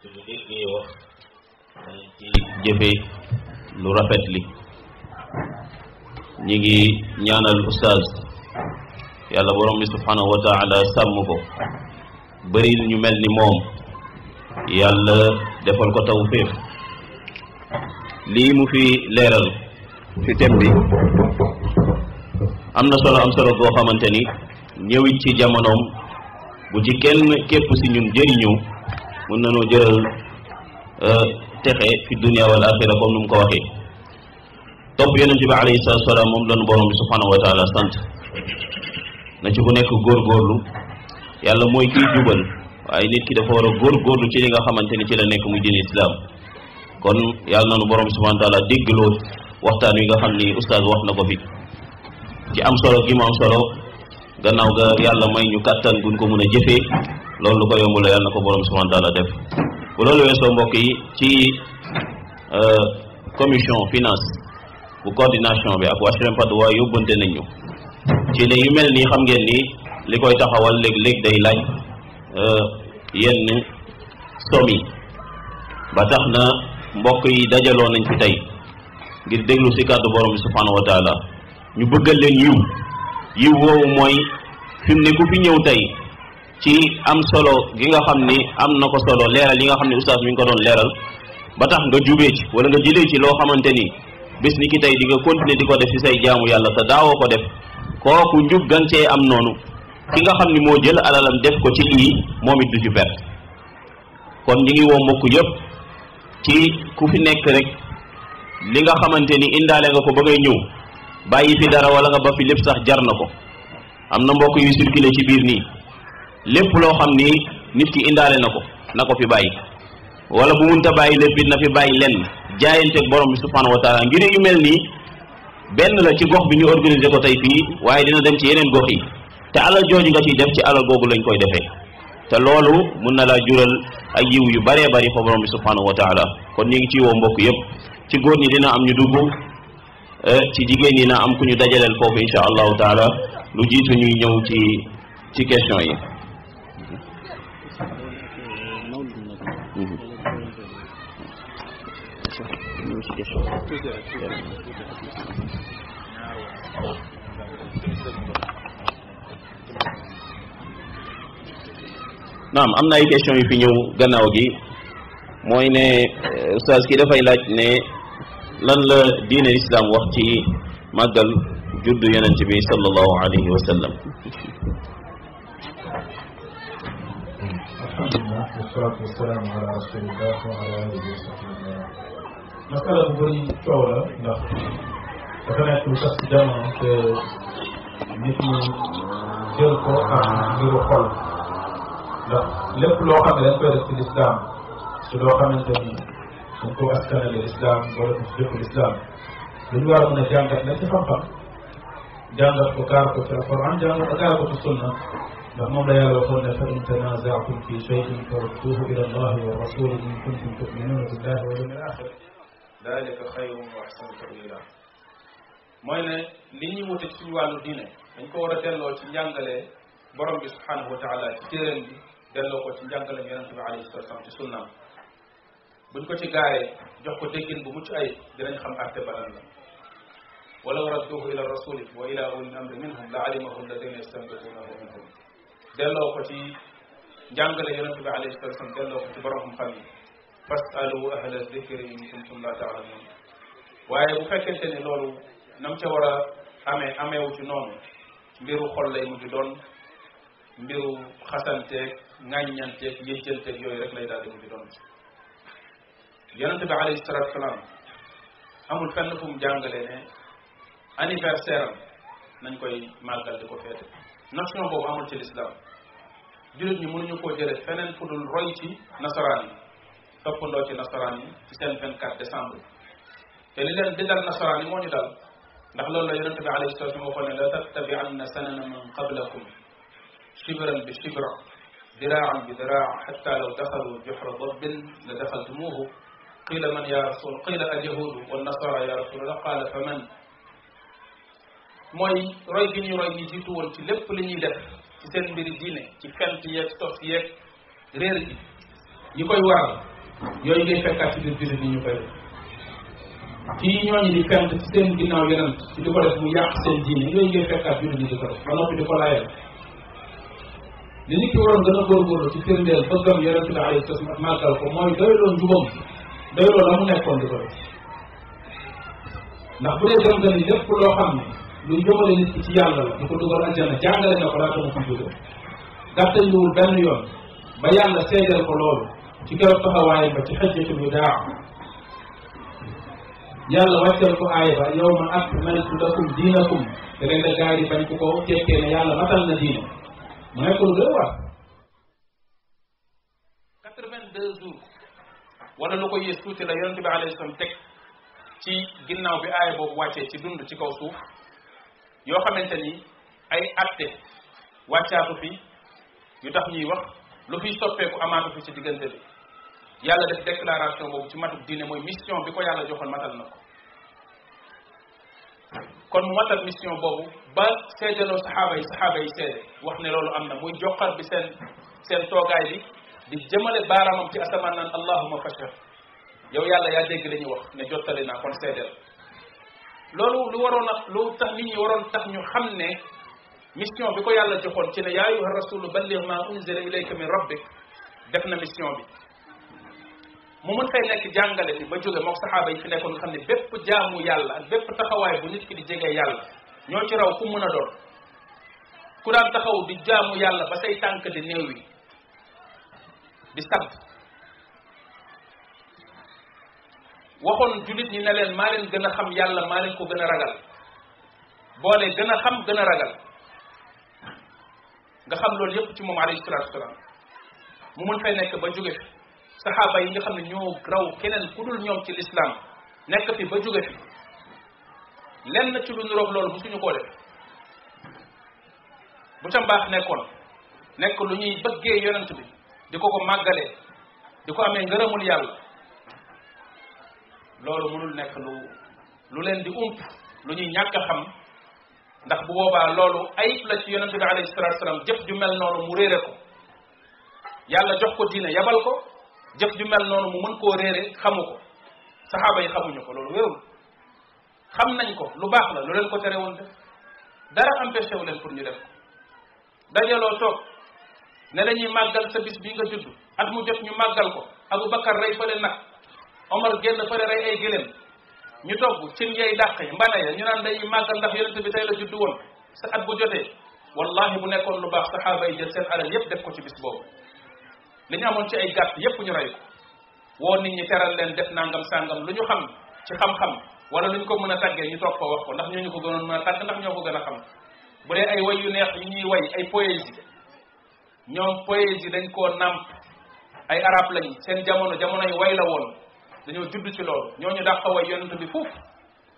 في مدينة وقت ci jëfe lu rafet li ñi ngi ñaanal oustaz yàlla borom bi subhanahu wa taala sàmm ko bëril ñu mel ni moom yàlla defal ko tawfiq lii mu fi leeral ci thème bi am na solo am solo boo xamante ni ñëwit ci jamonoom bu ci kenn képp si ñun jëriñu mën nañoo jëral euh, texe fi dunia wal axira comme nu mu ko waxee topp yonente bi alayhi salatu salaam moom lañu borom bi subhanahu wa sant na ci ku nekk góor góorlu yàlla mooy kiy jubal waaye nit ki dafa war a góorlu ci li nga xamante ni ci la nekk mu diin islam kon yàlla na nu borom subhaanahu wa taala déggloo waxtaan wi nga xam ni oustaz wax na ko fi ci am solo gi mu am solo gannaaw ga yàlla may ñu kàttan guñ ko mën a jëfee loolu lu ko yomb yàlla na ko borom subhaanahu wa taala def bu loolu weesoo mbokk yi ci euh, commission finance bu coordination bi ak waa Patte d'Oie yóbbante nañ ñu ci ne yu mel ni xam ngeen ni li koy taxawal léeg-léeg day laaj euh, yenn somi ba tax na. mbokk yi dajaloo nañ fi tey ngir déglu si kàddu borom bi subhaanahu wa taala ñu bëggal leen yiw yiw woowu mooy fi ne ku fi ñëw tey ci am solo ki nga xam ni am na ko solo leeral yi nga xam ne oustaz mi ngi ko doon leeral ba tax nga jubee ci wala nga jëlee ci loo xamante ni bis ni ki tey di nga continuer di ko def ci say jaamu yàlla te daawoo ko def kooku njub gancee am noonu ki nga xam ni moo jël alalam def ko ci lii moom it du ci perte kon ñi ngi woo mbokk ci ku fi nekk rek li nga xamante ni indaale nga ko ba ngay ñëw bàyyi fi dara wala nga ba fi lépp sax jar na ko am na mbokk yu circulé ci biir nii lépp loo xam ni nit ki indaale na ko na ko fi bàyyi wala bu munta bàyyi lépp it na fi bàyyi lenn jaayanteeg borom bi subhanahu wa taala ngir yu mel nii benn la ci gox bi ñu organiser ko tey fii waaye dina dem ci yeneen gox yi te alal jooju nga ciy def ci alal googu lañ koy defee te loolu mun na laa jural ak yiw yu baree bari fa borom bi subhanahu wa taala kon ñu ngi ciy woo mbokk yëpp ci góor ñi dina am ñu dugg eh, ci jigéen ñi na am ku ñu dajaleel foofu incha allahu taala lu jiitu ñuy ñëw ci ci question yi mm-hmm. naam am na ay question yu fi ñëw gannaaw gi mooy ne eh, ustaas ki dafay laaj ne lan la diine islam wax ci màggal juddu yonent bi sallallahu alayhi wa sallam alhamdulillah wasalaatu wasalaamu ala rasulillah wa ala alihi wa sahbihi masala bu bëri coow la ndax dafa nekk lu sax si jamono te nit ñi jël ko am ngiru xol لك لو كان لك الإسلام لو كان لك لك أسكن الإسلام لك لك الإسلام لك لك لك لك لك لك لك لك لك لك لك في القرآن لك لك لك السنة لك لك لك لك لك لك لك شيء لك لك إلى الله والرسول إن كنتم تؤمنون بالله واليوم الآخر ذلك خير وأحسن تأويلا moyne li ñi wuté ci walu diiné dañ ko wara délo ci jàngalé borom bi subhanahu wa ta'ala ci téréen bi delloo ko ci njàngaleem yonente bi alayhi salatu wasalam ci sunnaam buñ ko ci gaaree jox ko déggin bu mucc ay dinañ xam àtte balan la walaw radduhu ila rasuli wa ila ulil amri minhum la alimahu alladina yastanbitunahu minhum delloo ko ci njàngale yonente bi alayhi salatu wasalam delloo ko ci borom xam-xam yi fasalu ahla dikri in kuntum la taalamun waaye bu fekkente ni loolu nam ca war a amee ameewu ci noonu mbiru xol lay mujj doon mbiru xasanteeg ŋàññanteeg yëccanteeg yooyu rek lay daal di mu di doon yonente bi alayhi salatu salaam amul fenn fu mu jàngalee ne anniversaire am nañ koy màggal di ko feete notion boobu amul ci lislaam jullit ñi mënuñu koo jële feneen fu dul roy ci nasaraan yi toppandoo ci nasaraan yi ci seen 24 décembre te li leen di dal nasaraan yi moo ñu dal ndax loolu la yonente bi alayhi salatu salaam waxoon ne la tattabianna sanana man qablakum shibran bi shibra ذراعا بذراع حتى لو دخلوا جحر ضب لدخلتموه قيل من يا رسول قيل اليهود والنصارى يا رسول الله قال فمن موي رايجين يرايجي جيتو وانت لب لني لب تسن بري دينة تكن تيك توف تيك رير يكوي وار يوي جي فكا تدير دير دين يكوي تي نيوان يلي كانت تسن دينا ويرن تدير دين يكوي جي فكا تدير دين يكوي فانو تدير دين يكوي li nit ki waroon gën a góorgóorlu ci firndeel bëggam yonente bi alayhi salaam màggal ko mooy doyloo njubam doyloo la mu nekkoon di ko def ndax bu dee gëm loo xam ne luy jëmale nit ki ci yàlla la du ko dugal àjjana jàngale na ko laata mu fi jóge gàttal liwul benn yoon ba yàlla seedeel ko loolu ci keroog taxawaay ba ci xajjatul wadaa yàlla wàcceel ko aay ba yow ma akmaltu lakum diinakum da leen da gaari bañ ku ko tekkee ne yàlla matal na diina mooy ko gën wax quatre-vingt-deux jours wala lu ko yées tuuti la yonente bi alayhi salaam teg ci ginnaaw bi aaya boobu wàccee ci dund ci kaw suuf yoo xamante ni ay atte wàccaatu fi yu tax ñuy wax lu fiy soppeeku amaatu fi ci diggante bi yàlla def déclaration boobu ci matuk diine mooy mission bi ko yàlla joxoon matal na ko kon mu matal mission boobu ba seedaloo saxaaba yi saxaaba yi seede wax ne loolu am na muy joxar bi seen seen toogaay bi di jëmale baaraamam ci asamaan naan allahuma fashar yow yàlla yaa dégg li ñuy wax ne jottali naa kon seedeel loolu lu waroon a lu tax nit ñi waroon tax ñu xam ne mission bi ko yàlla joxoon ci ne yaa ayuha rasulu balligh ma unzila ilayka min rabbik def na mission bi mu mën fay nekk jàngale bi ba jóge mook saxaaba yi fi nekkoon nga xam ne bépp jaamu yàlla ak bépp taxawaay bu nit ki di jege yàlla ñoo ci raw ku mën a doon ku daan taxaw di jaamu yàlla ba say tànk di néew yi di sant waxoon jullit ñi ne leen maa leen gën a xam yàlla maa leen ko gën a ragal boole gën a xam gën a ragal nga xam loolu yépp ci moom alayhi salaatu wasalaam mu mën fay nekk ba jóge fi saxaaba yi nga xam ne ñoo raw keneen ku dul ñoom ci lislaam nekk fi ba jóge fi lenn ci lu niroog loolu musuñu koo def bu ca mbaax nekkoon nekk lu ñuy bëggee yonent bi di ko ko màggalee di ko amee ngërëmul yàlla loolu mënul nekk lu lu leen di ump lu ñuy ñàkk a xam ndax bu boobaa loolu ayib la ci yonent bi alayhi salatu wasalam ju mel noonu mu réere ko yàlla jox ko diine yabal ko jëf ju mel noonu mu mën koo réere xamu ko saxaaba yi xamuñu ko loolu wérul xam nañ ko lu baax la lu leen ko tere woon def dara empêché wu leen pour ñu def ko dajaloo toog ne dañuy màggal sa bis bi nga judd at mu jot ñu màggal ko Abu Bakar rey fële nag Omar génn fële rey ay gëléem ñu togg cin yay dàq yi mbana ya ñu naan dañuy màggal ndax yonente bi tey la judd woon sa at bu jotee wallahi bu nekkoon lu baax saxaaba yi jël seen alal yépp def ko ci bis boobu li ñu amoon ci ay gàtt yépp ñu rey ko woo nit ñi teral leen def nangam sàngam lu ñu xam ci xam-xam wala lu ñu ko mën a tàggee ñu toog ko wax ko ndax ñu ko gënoon mën a tàgg ndax ñoo ko gën a xam bu dee ay yu neex yu ñuy way ay poésie ñoom dañ koo nàmp ay arab lañ seen jamono jamonoy way la woon dañoo judd ci loolu ñooñu dàq way yonent bi foofu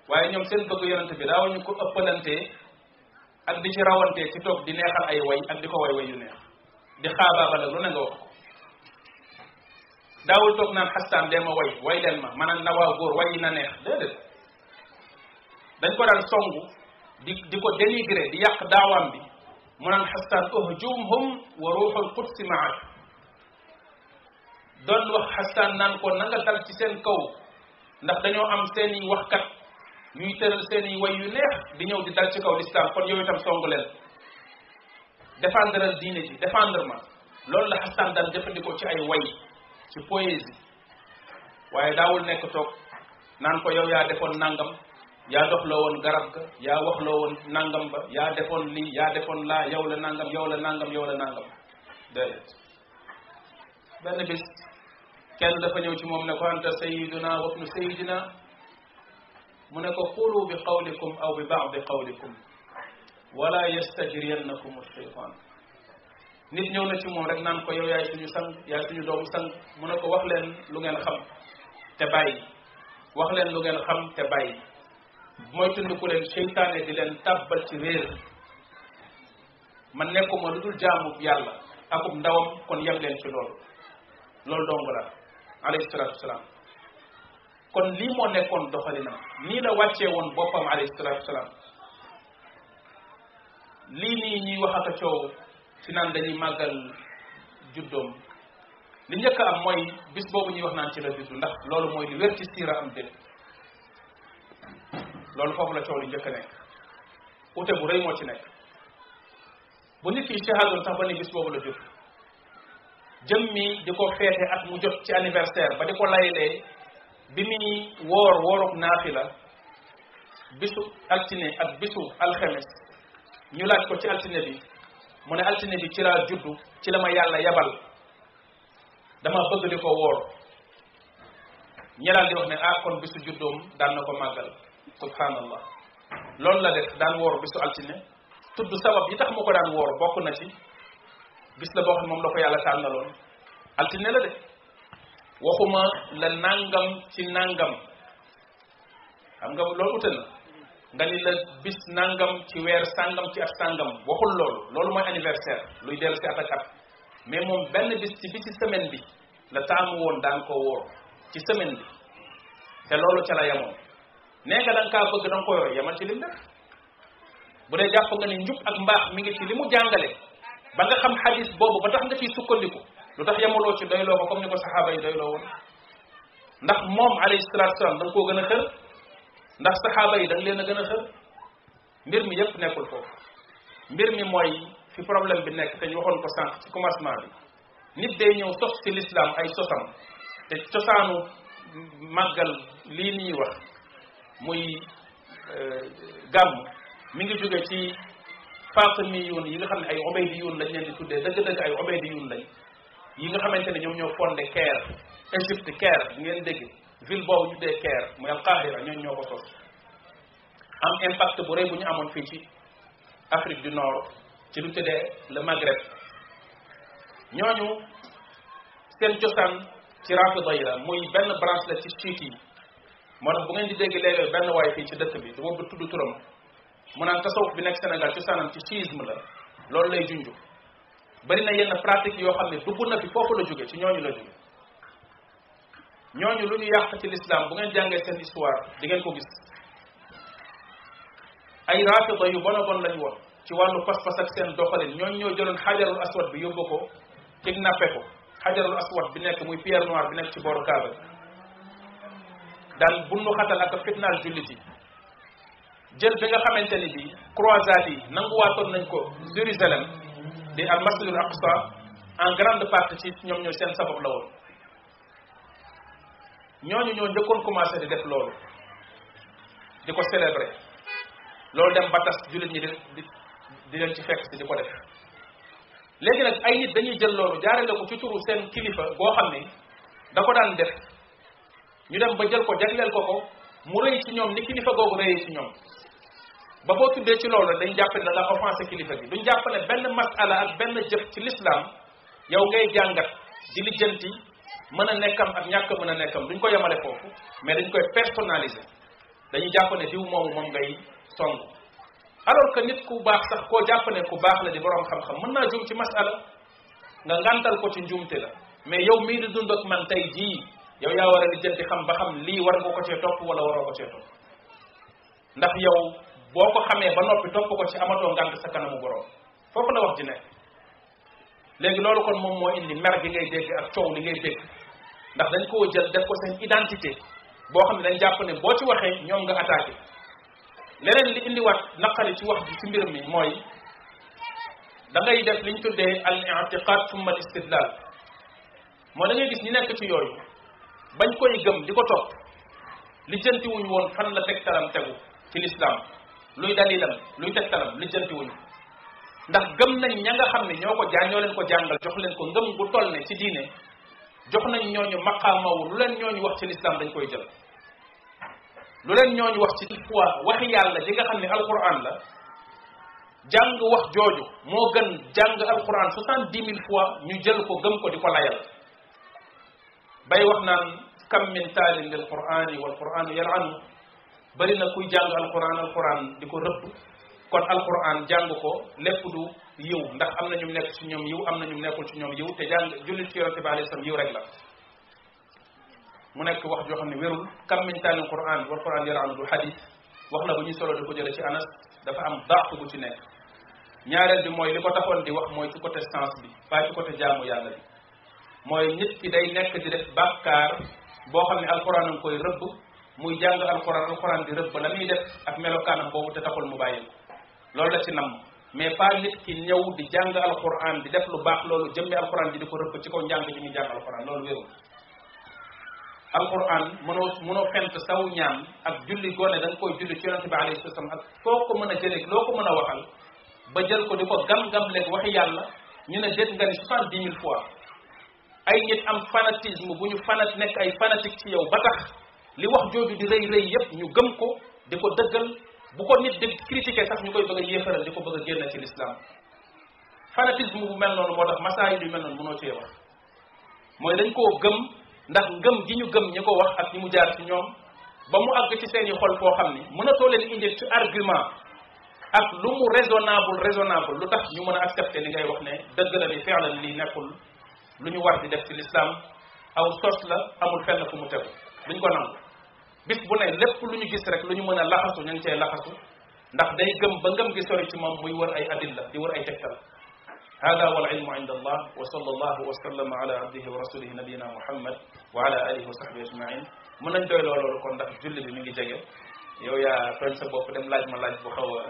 waaye ñoom seen bëgg yonent bi daaw ñu ko ëppalantee ak di ci rawantee ci toog di neexal ay way ak di ko way way yu neex di xaabaabal ak lu ne nga wax ko داوود توك نان حسان ديما واي واي ديل ما مانا نوا غور واي نا نيه ديدت دنج كو دان سونغ ديكو دينيغري دي ياق داوام بي مونان حسان اهجومهم وروح القدس معك دون وخ حسان نان كو نانغا دال سي سين كو ndax dañoo am seen i waxkat ñuy tëral seen i way yu neex di ñëw di dal ci kaw lislaam kon yow itam song défendre diine ji défendre ma loolu la xastaan daal jëfandikoo ci ay way ci poésie waaye daawul nekk toog naan ko yow yaa defoon nangam yaa doxloo woon garab ga yaa waxloo woon nangam ba yaa defoon lii yaa defoon laa yow la nangam yow la nangam yow la nangam déedéet benn bis kenn dafa ñëw ci moom ne ko anta sayiduna wabnu sayidina mu ne ko qulu bi qawlikum aw bi baadi qawlikum wala yastajriyannakum alcheytan nit ñëw na ci moom rek naan ko yow yaay suñu sang yaay suñu doomu sang mu ne ko wax leen lu ngeen xam te bàyyi wax leen lu ngeen xam te bàyyi mooy tundiku leen seytaane di leen tàbbal ci réer man nekkuma lu dul jaamu yàlla akub ndawam kon yem leen ci loolu loolu dong la alayhi salaatu wasalaam kon lii moo nekkoon doxalinam nii la wàccee woon boppam alayhi salaatu wasalaam lii nii ñuy wax coow fi naan dañuy màggal juddoom li njëkk am mooy bis boobu ñuy wax naan ci la juddu ndax loolu mooy li wér ci siira am déet loolu foofu la coow li njëkk nekk ute bu rëy moo ci nekk bu nit ki cahaadoon sax ba ni bis boobu la jot jëm mi di ko feete at mu jot ci anniversaire ba di ko layelee bi muy woor wooruk naafi la bisu altine ak bisu alxemes ñu laaj ko ci altine bi mu ne altine bi ci laa juddu ci la ma yàlla yabal dama bëgg di ko woor ñi di wax ne ah kon bisu juddoom daan na ko màggal subhanallah loolu la def daan woor bisu altine tudd sabab yi tax mu ko daan woor bokk na ci bis la boo moom la ko yàlla tànnaloon altine la de waxuma la nangam ci nangam xam nga loolu ute na nga ni la bis nangam ci weer sangam ci at sangam waxul loolu loolu mooy anniversaire luy dellu si at ak at mais moom benn bis ci fi ci semaine bi la taamu woon daan ko wóor ci semaine bi te loolu ca la yemoon nee nga da nga kaa bëgg da nga ko ci lim def bu dee jàpp nga ni njub ak mbaax mi ngi ci li mu jàngale ba nga xam xadis boobu ba tax nga ciy sukkandiku lu tax yemaloo ci doyloo ko comme ni ko saxaaba yi doyloo woon ndax moom alayhi salaatu koo gën a xër ndax saxaaba yi da leen a gën a xër mbir mi yëpp nekkul foofu mbir mi mooy fi problème bi nekk te ñu waxoon ko sànq ci commencement bi nit day ñëw sos ci lislaam ay sosam te cosaanu màggal lii ñuy wax muy euh, gàmm mi ngi jóge ci faatimiyuun yi nga xam ne ay ubaydiyuun lañ leen di tuddee dëgg-dëgg ay ubaydiyuun lañ yi nga xamante ne ñoom ñoo fondé Caire Égypte Caire ngeen dégg ville boobu ñu dee Caire muy Alqahira ñooñu ñoo ko sos am impact bu rëy bu ñu amoon fii ci Afrique du Nord ci lu tuddee le Maghreb ñooñu seen cosaan ci rafida yi la muy benn branche la ci chiite yi moo tax bu ngeen di dégg léeg-léeg benn waay fii ci dëkk bi du ma tudd turam mu naan tasawuf bi nekk Sénégal cosaanam ci chiisme la loolu lay junju bari na yenn pratique yoo xam ne dugg na fi foofu la jóge ci ñooñu la jóge ñooñu lu ñu yàq ci lislaam bu ngeen jàngee seen histoire di ngeen ko gis ay rafida yu bon a bon lañ woon ci wàllu pas-pas ak seen doxalin ñooñu ñoo jëloon xajarul aswad bi yóbbu ko ci nappe ko xajarul aswad bi nekk muy pierre noire bi nekk ci booru kaaba daan bunnu xatal ak fitnaal jullit yi jël bi nga xamante ni bi croisade yi nanguwaatoon nañ ko Jérusalem di al masjidul aqsa en grande partie ci ñoom ñooy seen sabab la woon ñooñu ñoo njëkkoon commencé di def loolu di ko célébrer loolu dem ba tas jullit ñi di di leen ci fekk si di ko def léegi nag ay nit dañuy jël loolu jaarale ko ci turu seen kilifa goo xam ne da ko daan def ñu dem ba jël ko jagleel ko ko mu rëy ci ñoom ni kilifa googu rëyee ci ñoom ba koo tuddee ci loolu dañ jàpp ne da nga offensé kilifa gi duñ jàpp ne benn masala ak benn jëf ci l'islam yow ngay jàngat di lijjanti mën a nekkam ak ñàkk mën a nekkam duñ ko yemale foofu mais dañ koy personnaliser dañuy jàpp ne diw moomu moom ngay song alors que nit ku baax sax koo jàpp ne ku baax la di boroom xam-xam mën naa juum ci masala nga ngàntal ko ci njuumte la mais yow mii di dund ak man tey jii yow yaa war a lijjanti xam ba xam lii war nga ko cee topp wala waroo ko cee topp ndax yow boo ko xamee ba noppi topp ko ci amatoo ngànt sa kanamu borom foofu la wax ji nekk léegi loolu kon moom moo indi mer gi ngay dégg ak coow li ngay ndax dañ koo jël def ko seen identité boo xam ne dañ jàpp ne boo ci waxee ñoom nga attaqué leneen li indiwaat naqari ci wax bi ci mbir mi mooy da ngay def li ñu tuddee al intiqad summa al istidlal mooy da ngay gis ñi nekk ci yooyu bañ koy gëm di ko topp lijjanti wuñ woon fan la tegtalam tegu ci lislaam luy dalilam luy tegtalam lijjanti wuñ ndax gëm nañ ña nga xam ne ñoo ko jaa ñoo leen ko jàngal jox leen ko ngëm gu toll ne ci diine jox nañ ñooñu maqaamawu lu leen ñooñu wax ci lislaam dañ koy jël lu leen ñooñu wax ci fois waxi yàlla ji nga xam ne alquran la jàng wax jooju moo gën jàng alquran soixante dix mille fois ñu jël ko gëm ko di ko layal bay wax naan kam min taalin lil qurani wal quranu yalanu bari na kuy jàng alquran alquran di ko rëbb kon alquran jàng ko lépp du yiw ndax am na ñu nekk ci ñoom yiw am na ñu nekkul ci ñoom yiw te jàng jullit ci yonente bi alayhi salaam yiw rek la mu nekk wax joo xam ne wérul kam min taalim quran wal quran yaraan du hadis wax la bu ñuy solo di ko jële ci anas dafa am dàq bu ci nekk ñaareel bi mooy li ko taxoon di wax mooy ci côté sens bi waaye ci côté jaamu yàlla bi mooy nit ki day nekk di def bàkkaar boo xam ne alquran am koy rëbb muy jàng alquran alquran di rëbb la muy def ak melokaanam boobu te taxul mu bàyyi ko loolu la ci namm mais pas nit ki ñëw di jàng alquran di def lu baax loolu jëmmi alquran ji di ko rëbb ci kaw njàng ji muy jàng alquran loolu wérul alquran mënoo mënoo fent saw ñaan ak julli gone da nga koy julli ci yonente bi alayhi salaam ak foo ko mën a jëlee loo ko mën a waxal ba jël ko di ko gam-gam leeg waxi yàlla ñu ne dégg nga ni soixante dix mille fois ay nit am fanatisme bu ñu fanat nekk ay fanatique ci yow ba tax li wax jooju di rëy rëy yépp ñu gëm ko di bu ko nit di critiquer sax ñu koy bëgg a yéefaral di ko bëgg a génne ci l'islam fanatisme bu mel noonu moo tax masaayil yu mel noonu mënoo cee wax mooy dañ koo gëm ndax ngëm gi ñu gëm ñi ko wax ak ñi mu jaar ci ñoom ba mu àgg ci seeni xol foo xam ni mënatoo leen indil ci argument ak lu mu raisonnable raisonnable lu tax ñu mën a accepter li ngay wax ne dëgg la ni fi'lan lii nekkul lu ñu wax di def ci l'islam aw sos la amul fenn fu mu tegu duñ ko na bis bu ne lépp lu ñu gis rek lu ñu mën a laxasu ñu ngi cee laxasu ndax day gëm ba ngëm gi sori ci moom muy wër ay adilla di wër ay tegtal هذا والعلم عند الله وصلى الله وسلم على عبده ورسوله نبينا محمد وعلى اله وصحبه اجمعين من نان دوي لولو كون داك جولي بي ميغي جيغي يو يا فن سا بوب دم لاج ما لاج بو خاوا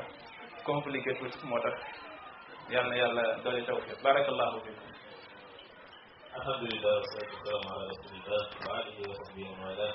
كومبليكي توت موتاخ يالنا يالا دولي توفيق بارك الله فيكم الحمد لله والصلاه والسلام على رسول الله وعلى اله وصحبه ومن والاه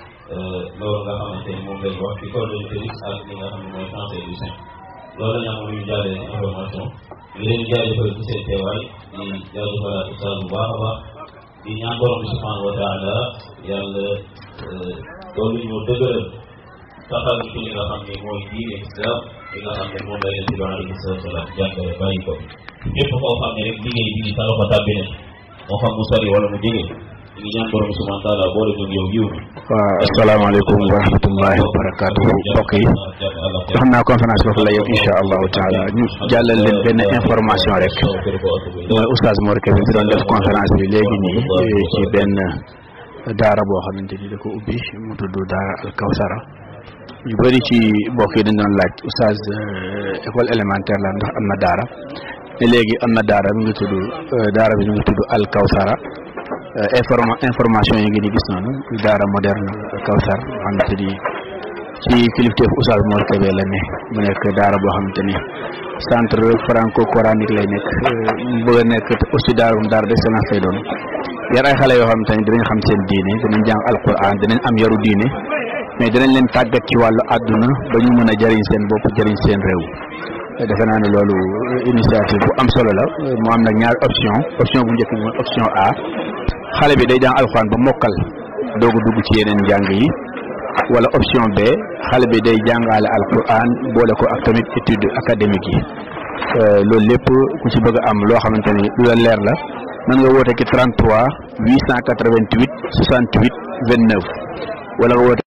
Euh, loolu nga xamante ni moom lay wax ci collectif ak li nga xam ne mooy cancer du sein loolu la ñu am lu ñu jàllee ci information di leen jaajëfal ci di jaajëfalaat ustaas bu baax a baax di ñaan borom bi subhanahu wa taala yàlla loolu euh, ñu mooy diine islam li nga xam ne moom lay leen di doon alayhi salaatu salaam jàngale bàyyi ko ñëpp koo xam ne rek liggéey bi ñu sa loxo tàbbi na moo xam mu sori wala mu jege السلام عليكم ورحمة الله وبركاته بقي نحن كونفرنس بقول لك إن شاء الله تعالى جل لنا بين إنفورماسيون رك أستاذ مورك في دون ديف كونفرنس في ليجني في بين دار أبو حامد تجي لك أبي مدرد دار الكوثر يبغي شيء بقي دون لايت أستاذ إقبال إلمنتر لاند أم دارا ليجي أم دارا من تدو دارا من تدو الكوثر Euh, informa information yi ngeen di gis noonu daara moderne Kawsar xamante ni ci kilifteef Oustaz Mor Kébé la ne mu nekk daara boo xamante ni centre franco coranique lay nekk euh, mu bëgg a nekk aussi daara daara d'excellence lay doon yar ni dinañ xam seen diine dinañ jàng alquran dinañ am yaru diine mais dinañ leen tàggat ci wàllu àdduna ba ñu mën a jëriñ seen bopp jëriñ seen réew defe naa ne loolu initiative bu am solo la mu am nag ñaari option option bu njëkk bi mooy option A xale bi day jàng alxuraan ba mokkal doog a dugg ci yeneen njàng yi wala option B xale bi day jàngale alxuraan boole ko ak tamit étude académique yi euh, loolu lépp ku ci bëgg am loo xamante ni lu la leer la mën nga woote ki 33 888 68 29 wala nga woote